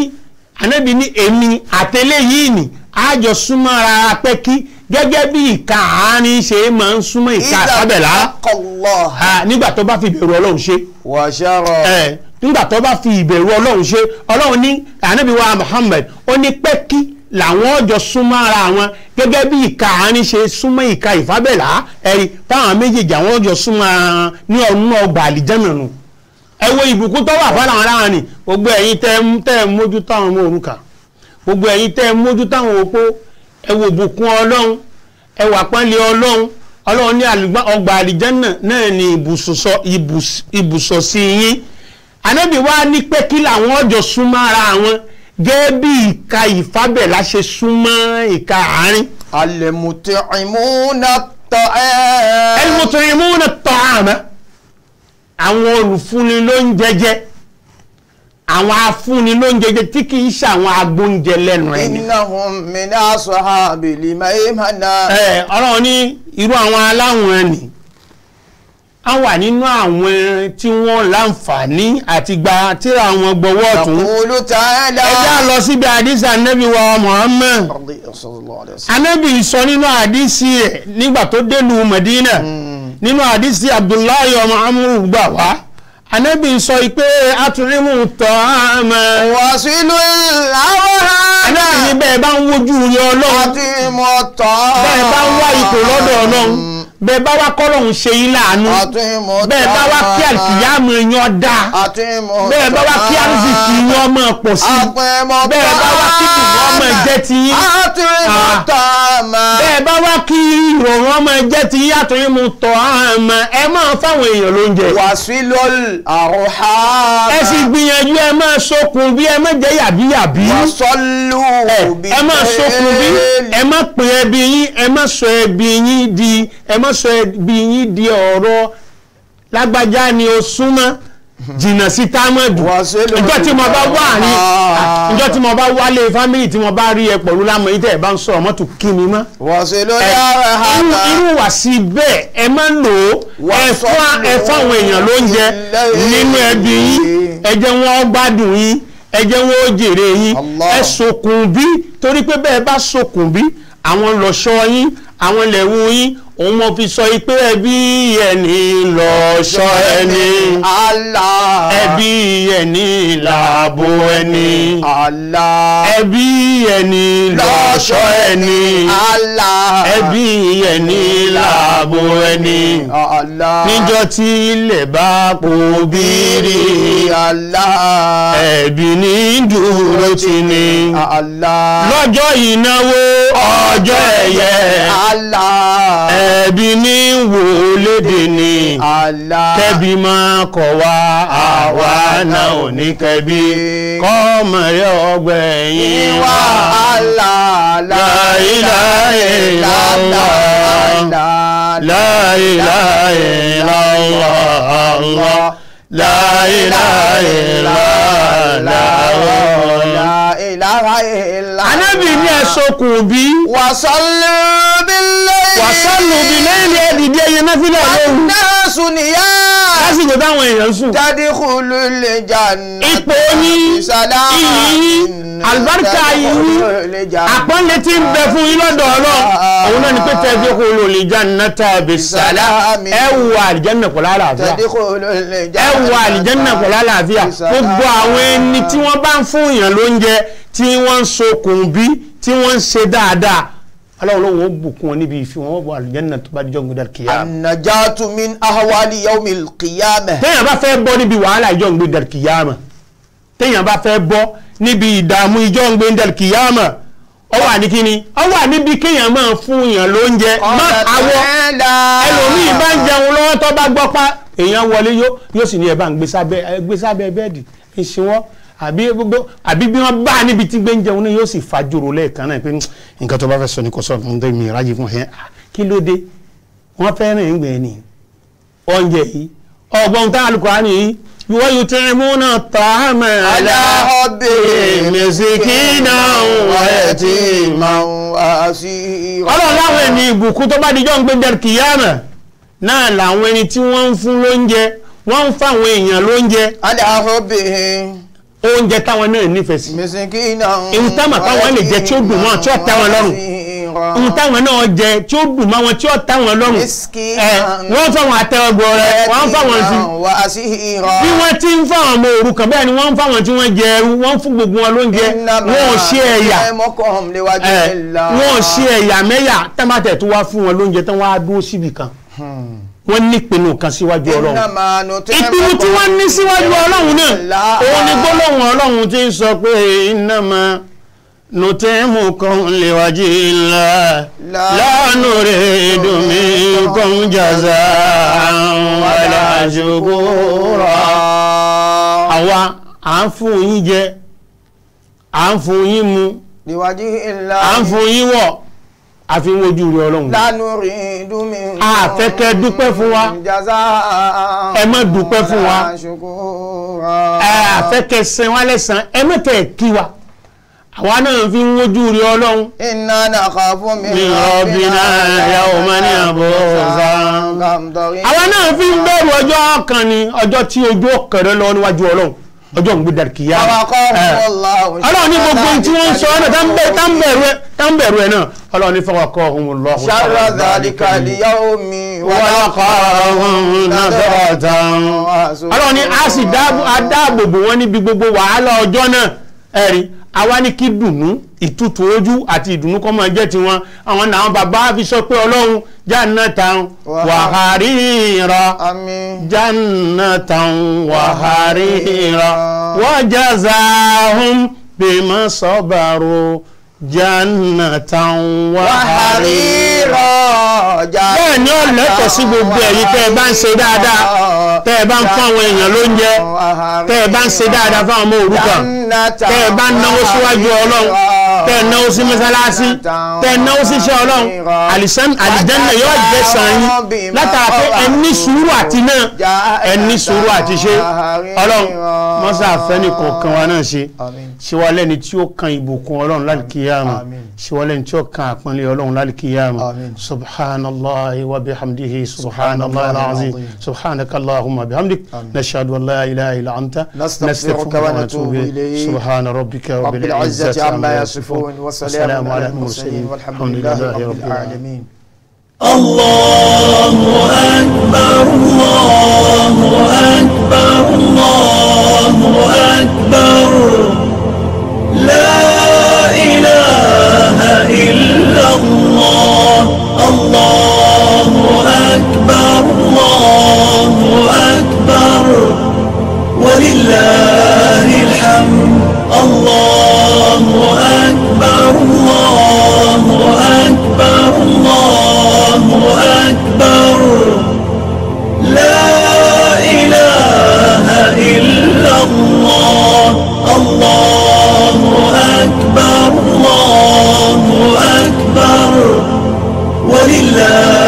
[SPEAKER 3] anábì ní emi atele yìí ni àjọ súnmọ́ ara pẹ́ kí gẹ́gẹ́ bí ìka àárín ṣe máa ń súnmọ́ ìka sábẹ̀lá nígbà tó fi bẹ̀rù ọlọ́run ṣe. wàṣẹ́rọ. ẹ nígbà fi ìbẹ̀rù ọlọ́run ṣe ọlọ́run ní anábì wa Muhammad ó ní pẹ́kí làwọn ọjọ́ súnmọ́ ara wọn gẹ́gẹ́ bí ìka àárín ṣe súnmọ́ ìka ìfábẹ̀lá ẹ̀rí táwọn méjèèjì àwọn ọjọ́ súnmọ́ ara wọn ní ọ̀nà ọgbà àlìjẹ́nà ẹ wo tó wà fáwọn aráàlú ni gbogbo ẹ̀yin tẹ́ ẹ mójú táwọn ọmọ òrukàn gbogbo ẹ̀yin tẹ́ mójú táwọn opó ẹ ìbùkún ọlọ́run ẹ wà pọ́nlẹ̀ ọlọ́run ọlọ́run ní ọgbà àlìjẹ́nà náà ni ibùsọ̀ sí yín anábì wa ní pé kí làwọn ọjọ́ súnmọ́ ara wọn gẹ́gẹ́ bí ìka ìfábẹ̀lá ṣe súnmọ́
[SPEAKER 2] ìka àárín. alẹ́ mùtẹ̀ ìmúna tọ́ ẹ́. ẹ mùtẹ̀ ìmúna tọ́ àmọ́ àwọn olùfúnni ló ń jẹjẹ
[SPEAKER 3] àwọn afúnni ló ń jẹjẹ tí kì í ṣe àwọn agbóúnjẹ lẹ́nu ẹni.
[SPEAKER 2] innahum min ashabil maimana. ẹ ọlọ́run
[SPEAKER 3] ní irú àwọn aláwọn ẹni a wà nínú àwọn tí wọ́n láǹfààní àti gba tíra àwọn gbọ́wọ́ ọ̀tún ẹjá lọ síbi àdísì anábì wa Muhammad anábì sọ nínú àdísì ẹ̀ nígbà tó délùú Madina. Mm nínú àdísí abdullahi ọmọ amúrú gbà wá anabi sọ pé atúrímù tọ́ àmọ́. wàsílù làwọn ará. anabi bẹ́ẹ̀ bá ń wojú yọ
[SPEAKER 2] ọlọ́run. bẹ́ẹ̀ bá ń wá ipò lọ́dọ̀ ọlọ́run bẹ́ẹ̀ bá wá kọ́lọ́hún ṣe yín láàánú bẹ́ẹ̀ bá wá kí àlìkìyàmù yín ọ̀dà bẹ́ẹ̀ bá wá kí àrùsìkì yín ọmọ pọ̀ sí bẹ́ẹ̀ bá wá kí kìnìún ọmọ ẹ̀jẹ̀ ti yín
[SPEAKER 3] ah. bẹ́ẹ̀ bá wá kí ìrọ̀rùn ọmọ ẹ̀jẹ̀ ti yín àtúnyìn mu tọ̀ àmọ́ ẹ máa fáwọn èèyàn lóúnjẹ. wasilul arham. ẹ sì gbìyànjú ẹ máa sokùn bí ẹ má jẹ yàbí yàbí. ẹ máa sokùn bí ẹ má pè ẹbí yín ẹ má sọ ẹbí yín di ẹ má sọ ẹbí yín di ọ̀rọ̀ lágbájá ni o súnmọ́ jìnnà sí támọ̀dù ìjọ tí mo bá wà ní ìjọ ah. tí mo bá wálé fámìlì tí mo bá rí ẹ pẹ̀lú lámọ̀ yìí tẹ̀ ẹ bá ń sọ̀rọ̀ mọ́tò kí mi mọ́. wọ́sẹ̀ ló yá ẹ ha ta irú wà sí bẹ́ẹ̀ ẹ má lò ó ẹ fún ẹ fún àwọn èèyàn lóúnjẹ nínú ẹbí yín ẹ jẹ́ wọ́n gbádùn yín ẹ jẹ́ wọ́n jèrè yín ẹ sokùn bí torí pé bẹ́ẹ̀ bá sokùn bí àwọn lọ́ṣọ́ yín àwọn lẹ̀wù yín òun mo fi sọ pé ẹbí ẹni lọ́ṣọ́ ẹni Allah ẹbí ẹni làbò ẹni Allah ẹbí ẹni lọ́ṣọ́ ẹni Allah ẹbí ẹni làbò ẹni Allah níjọ́ tí ilẹ̀ bá po bírí Allah ẹbí ní dúró tì ní Allah lọ́jọ́ ìnáwó
[SPEAKER 2] ọjọ́ ẹ̀yẹ. Allah.
[SPEAKER 3] ní wò léde ni. Allah. kẹ́bi máa kọ̀ wá àwa náà ò ní kẹ́bi. kọ́mọ rẹ̀ ọgbẹ́ yín wá.
[SPEAKER 2] Allah. La ilaha illallah. La ilaha illallah. La ilaha illallah ìlàwà ìlà. anábì ní ẹ̀sọ́kùn òbí. wàsálù bílẹ̀ yìí. wàsálù bílẹ̀ yìí ẹ̀ dìde ẹyẹ náà fílẹ̀ lóhùn. náà sùn nìyá. lásìkò táwọn èèyàn sùn. jáde kúlù lè jà nà. ipò yín iyì àlùbáríkà yìí àpọ́nlé tí ń bẹ fún yín lọ́dọ̀ ọlọ́run òun náà ni pé
[SPEAKER 3] tẹ́ kúlù lè jà tàbí sàlá ẹ wọ àlìjẹ́nà pẹ̀lú àlàáfíà
[SPEAKER 2] ẹ wọ àlìjẹ́nà pẹ̀lú àlàáfíà gbogbo àwọn ẹni
[SPEAKER 3] tí wọ́n bá ń fún èèyàn lóúnjẹ tí wọ́n ń sokùn bí tí wọ́n ń ṣe dáadáa aláwọ̀ lọ́wọ́ bùkún wọn níbi ìfi wọn wọ àlùjànnà tó bá dijọ́ gbẹdà kìyàmù. annajatu
[SPEAKER 2] min ahwali
[SPEAKER 3] yawmil qiyamah. téèyàn bá fẹ́ bọ́ níbi wàhálà ìjọ́ gbẹdà kìyàmù téèyàn bá fẹ́ bọ́ níbi ìdààmú ìjọ́ gbẹdà kìyàmù ó wà ní kíni ó wà kéèyàn máa fún yàn lóúnjẹ má àwọ ẹlòmíì bá ń jẹun lọ́wọ́ tó bá gbọ́ pa èèyàn wọlé yóò sì ní ẹ̀ bá ń gbé sábẹ́ bẹ́ẹ̀dì ìṣinwọ́ àbí gbogbo àbí bí wọ́n bá níbi tí gbé ń jẹun náà yóò sì fajúro lẹ́ẹ̀kan náà pé hmm, nǹkan tó bá fẹ́ sọ ni kò sọ fún mi ráyè fún ẹ ah, kí ló dé wọ́n fẹ́ràn ìgbẹ́ ni oúnjẹ yìí ọgbọ́n tá àlùkò yìí wọ́n yóò tẹ́ mú náà tà á mẹ́. aláhọ́bẹ̀ mẹ́sìkínà wọ́n ti máa wá
[SPEAKER 2] sí i. ọlọ́run láwọn ẹni
[SPEAKER 3] ìbùkún tó bá dijọ́ ń gbé dẹ́rù kìyàmẹ̀ náà làwọn ẹni tí wọ́n ń fún lóúnjẹ wọ́n ń fáwọn èèyàn lóúnjẹ. aláhọ́bẹ̀ oúnjẹ táwọn náà nífẹ̀ẹ́ sí
[SPEAKER 2] ìhun táwọn àtàwọn lè jẹ tí ó dùn wọn tí ó tẹ́ wọn lọ́rùn ìhun
[SPEAKER 3] táwọn náà jẹ tí ó dùn mọ́ wọn tí ó tẹ́ wọn lọ́rùn wọ́n fáwọn àtẹ́wọ́gbọ̀ rẹ wọ́n fáwọn
[SPEAKER 2] sí bí wọ́n
[SPEAKER 3] ti ń fáwọn ọmọ òrukàn bẹ́ẹ̀ ni wọ́n ń fáwọn tí wọ́n jẹ ẹrú wọ́n fún gbogbo wọn lóúnjẹ wọn ò ṣe ẹ̀yà
[SPEAKER 2] wọn ò ṣe ẹ̀yà
[SPEAKER 3] mẹ́yà tẹ́mátẹ̀ wọ́n nípinnu kan síwájú ọlọ́run
[SPEAKER 2] ìpinnu tí wọ́n ní síwájú ọlọ́run náà òun ni gbólóhùn
[SPEAKER 3] ọlọ́run ti sọ pé iná máa nùtẹ́mù kan léwájú ńlá láàánú rẹ̀ dùnmí kan jàzá wàlá ṣòkòrò. àwa à ń fún yín jẹ à ń fún yín mu à ń fún yín wọ̀ a fi ń wojú rí ọlọ́run. lánú
[SPEAKER 2] rí dúnmí.
[SPEAKER 3] àfẹ́kẹ́ dúpẹ́ fún wa. jaza ẹ má dúpẹ́ fún wa. àfẹ́kẹ́ sẹ́ wa lẹ́sàn-án ẹ má kí wa àwa náà fi ń wojú rí ọlọ́run.
[SPEAKER 2] iná nàkà fún mi. mi rọ̀bì náà yà ó máa ní àbọ̀
[SPEAKER 3] ọ̀sán. àwa náà fi ń bẹ̀rù ọjọ́ kan ni ọjọ́ tí ojú ọ̀kẹ́rẹ́ lọ níwájú ọlọ́run ọjọ́ ń gbẹdà kìí yá.
[SPEAKER 2] ọlọ́run ní gbogbo tí wọ́n ń sọ ọ́nà tá ń bẹ̀rù
[SPEAKER 3] ẹ̀ náà ọlọ́run ní fọwọ́ kọ́ ohun lọ. ṣáàrà dàlíkà ìyáwó mi wọ́n kọ́ ohun náà tán. ọlọ́run ní a sì dáàbòbò wọn níbi gbogbo wàhálà ọjọ́ náà ẹ̀rí àwa ní kí dùnú ìtutù ojú àti ìdùnnú kọ́ máa jẹ́ tiwọn àwọn náà bàbá fi sọ pé ọlọ́run jannatan wàhárìíra jannatan wàhárìíra wa jazahum bima sabaru jannatan wa harira bẹ́ẹ̀ ni ó lẹ́tọ̀ọ́ sí gbogbo ẹ̀yin tẹ́ ẹ bá ń ṣe dáadáa tẹ́ ẹ bá ń fún àwọn èèyàn lóúnjẹ tẹ́ ẹ bá ń ṣe dáadáa fún àwọn ọmọ òrukàn tẹ́ ẹ bá ń náwó síwájú ọlọ́run tẹ́ ẹ̀ náwó sí mọ́sálásí tẹ́ ẹ̀ náwó sí iṣẹ́ ọlọ́run àlìjánà yóò jẹ́ sàn yín látara pé ẹ ní sùúrù àti náà ẹ ní sùúrù àti ṣe ọlọ́run mọ́sá àfẹ́ni kọ̀ọ̀kan wa náà ṣe ṣe wá tí ó kan ìbùkún ọlọ́run lálùkíyàmù ṣe wá lẹ́ni tí ó kan àpọ́nlé ọlọ́run lálùkíyàmù subhanallahi wa bihamdihi subhanallahi alazim subhanakallahumma bihamdik nashhadu an la ilaha illa anta nastaghfiruka wa natubu ilayk subhana rabbika rabbil izzati amma yasifun والسلام على المرسلين والحمد لله رب
[SPEAKER 1] العالمين الله أكبر الله أكبر الله أكبر لا إله إلا الله الله أكبر الله أكبر ولله أكبر الله أكبر الله أكبر لا إله إلا الله الله أكبر الله أكبر ولله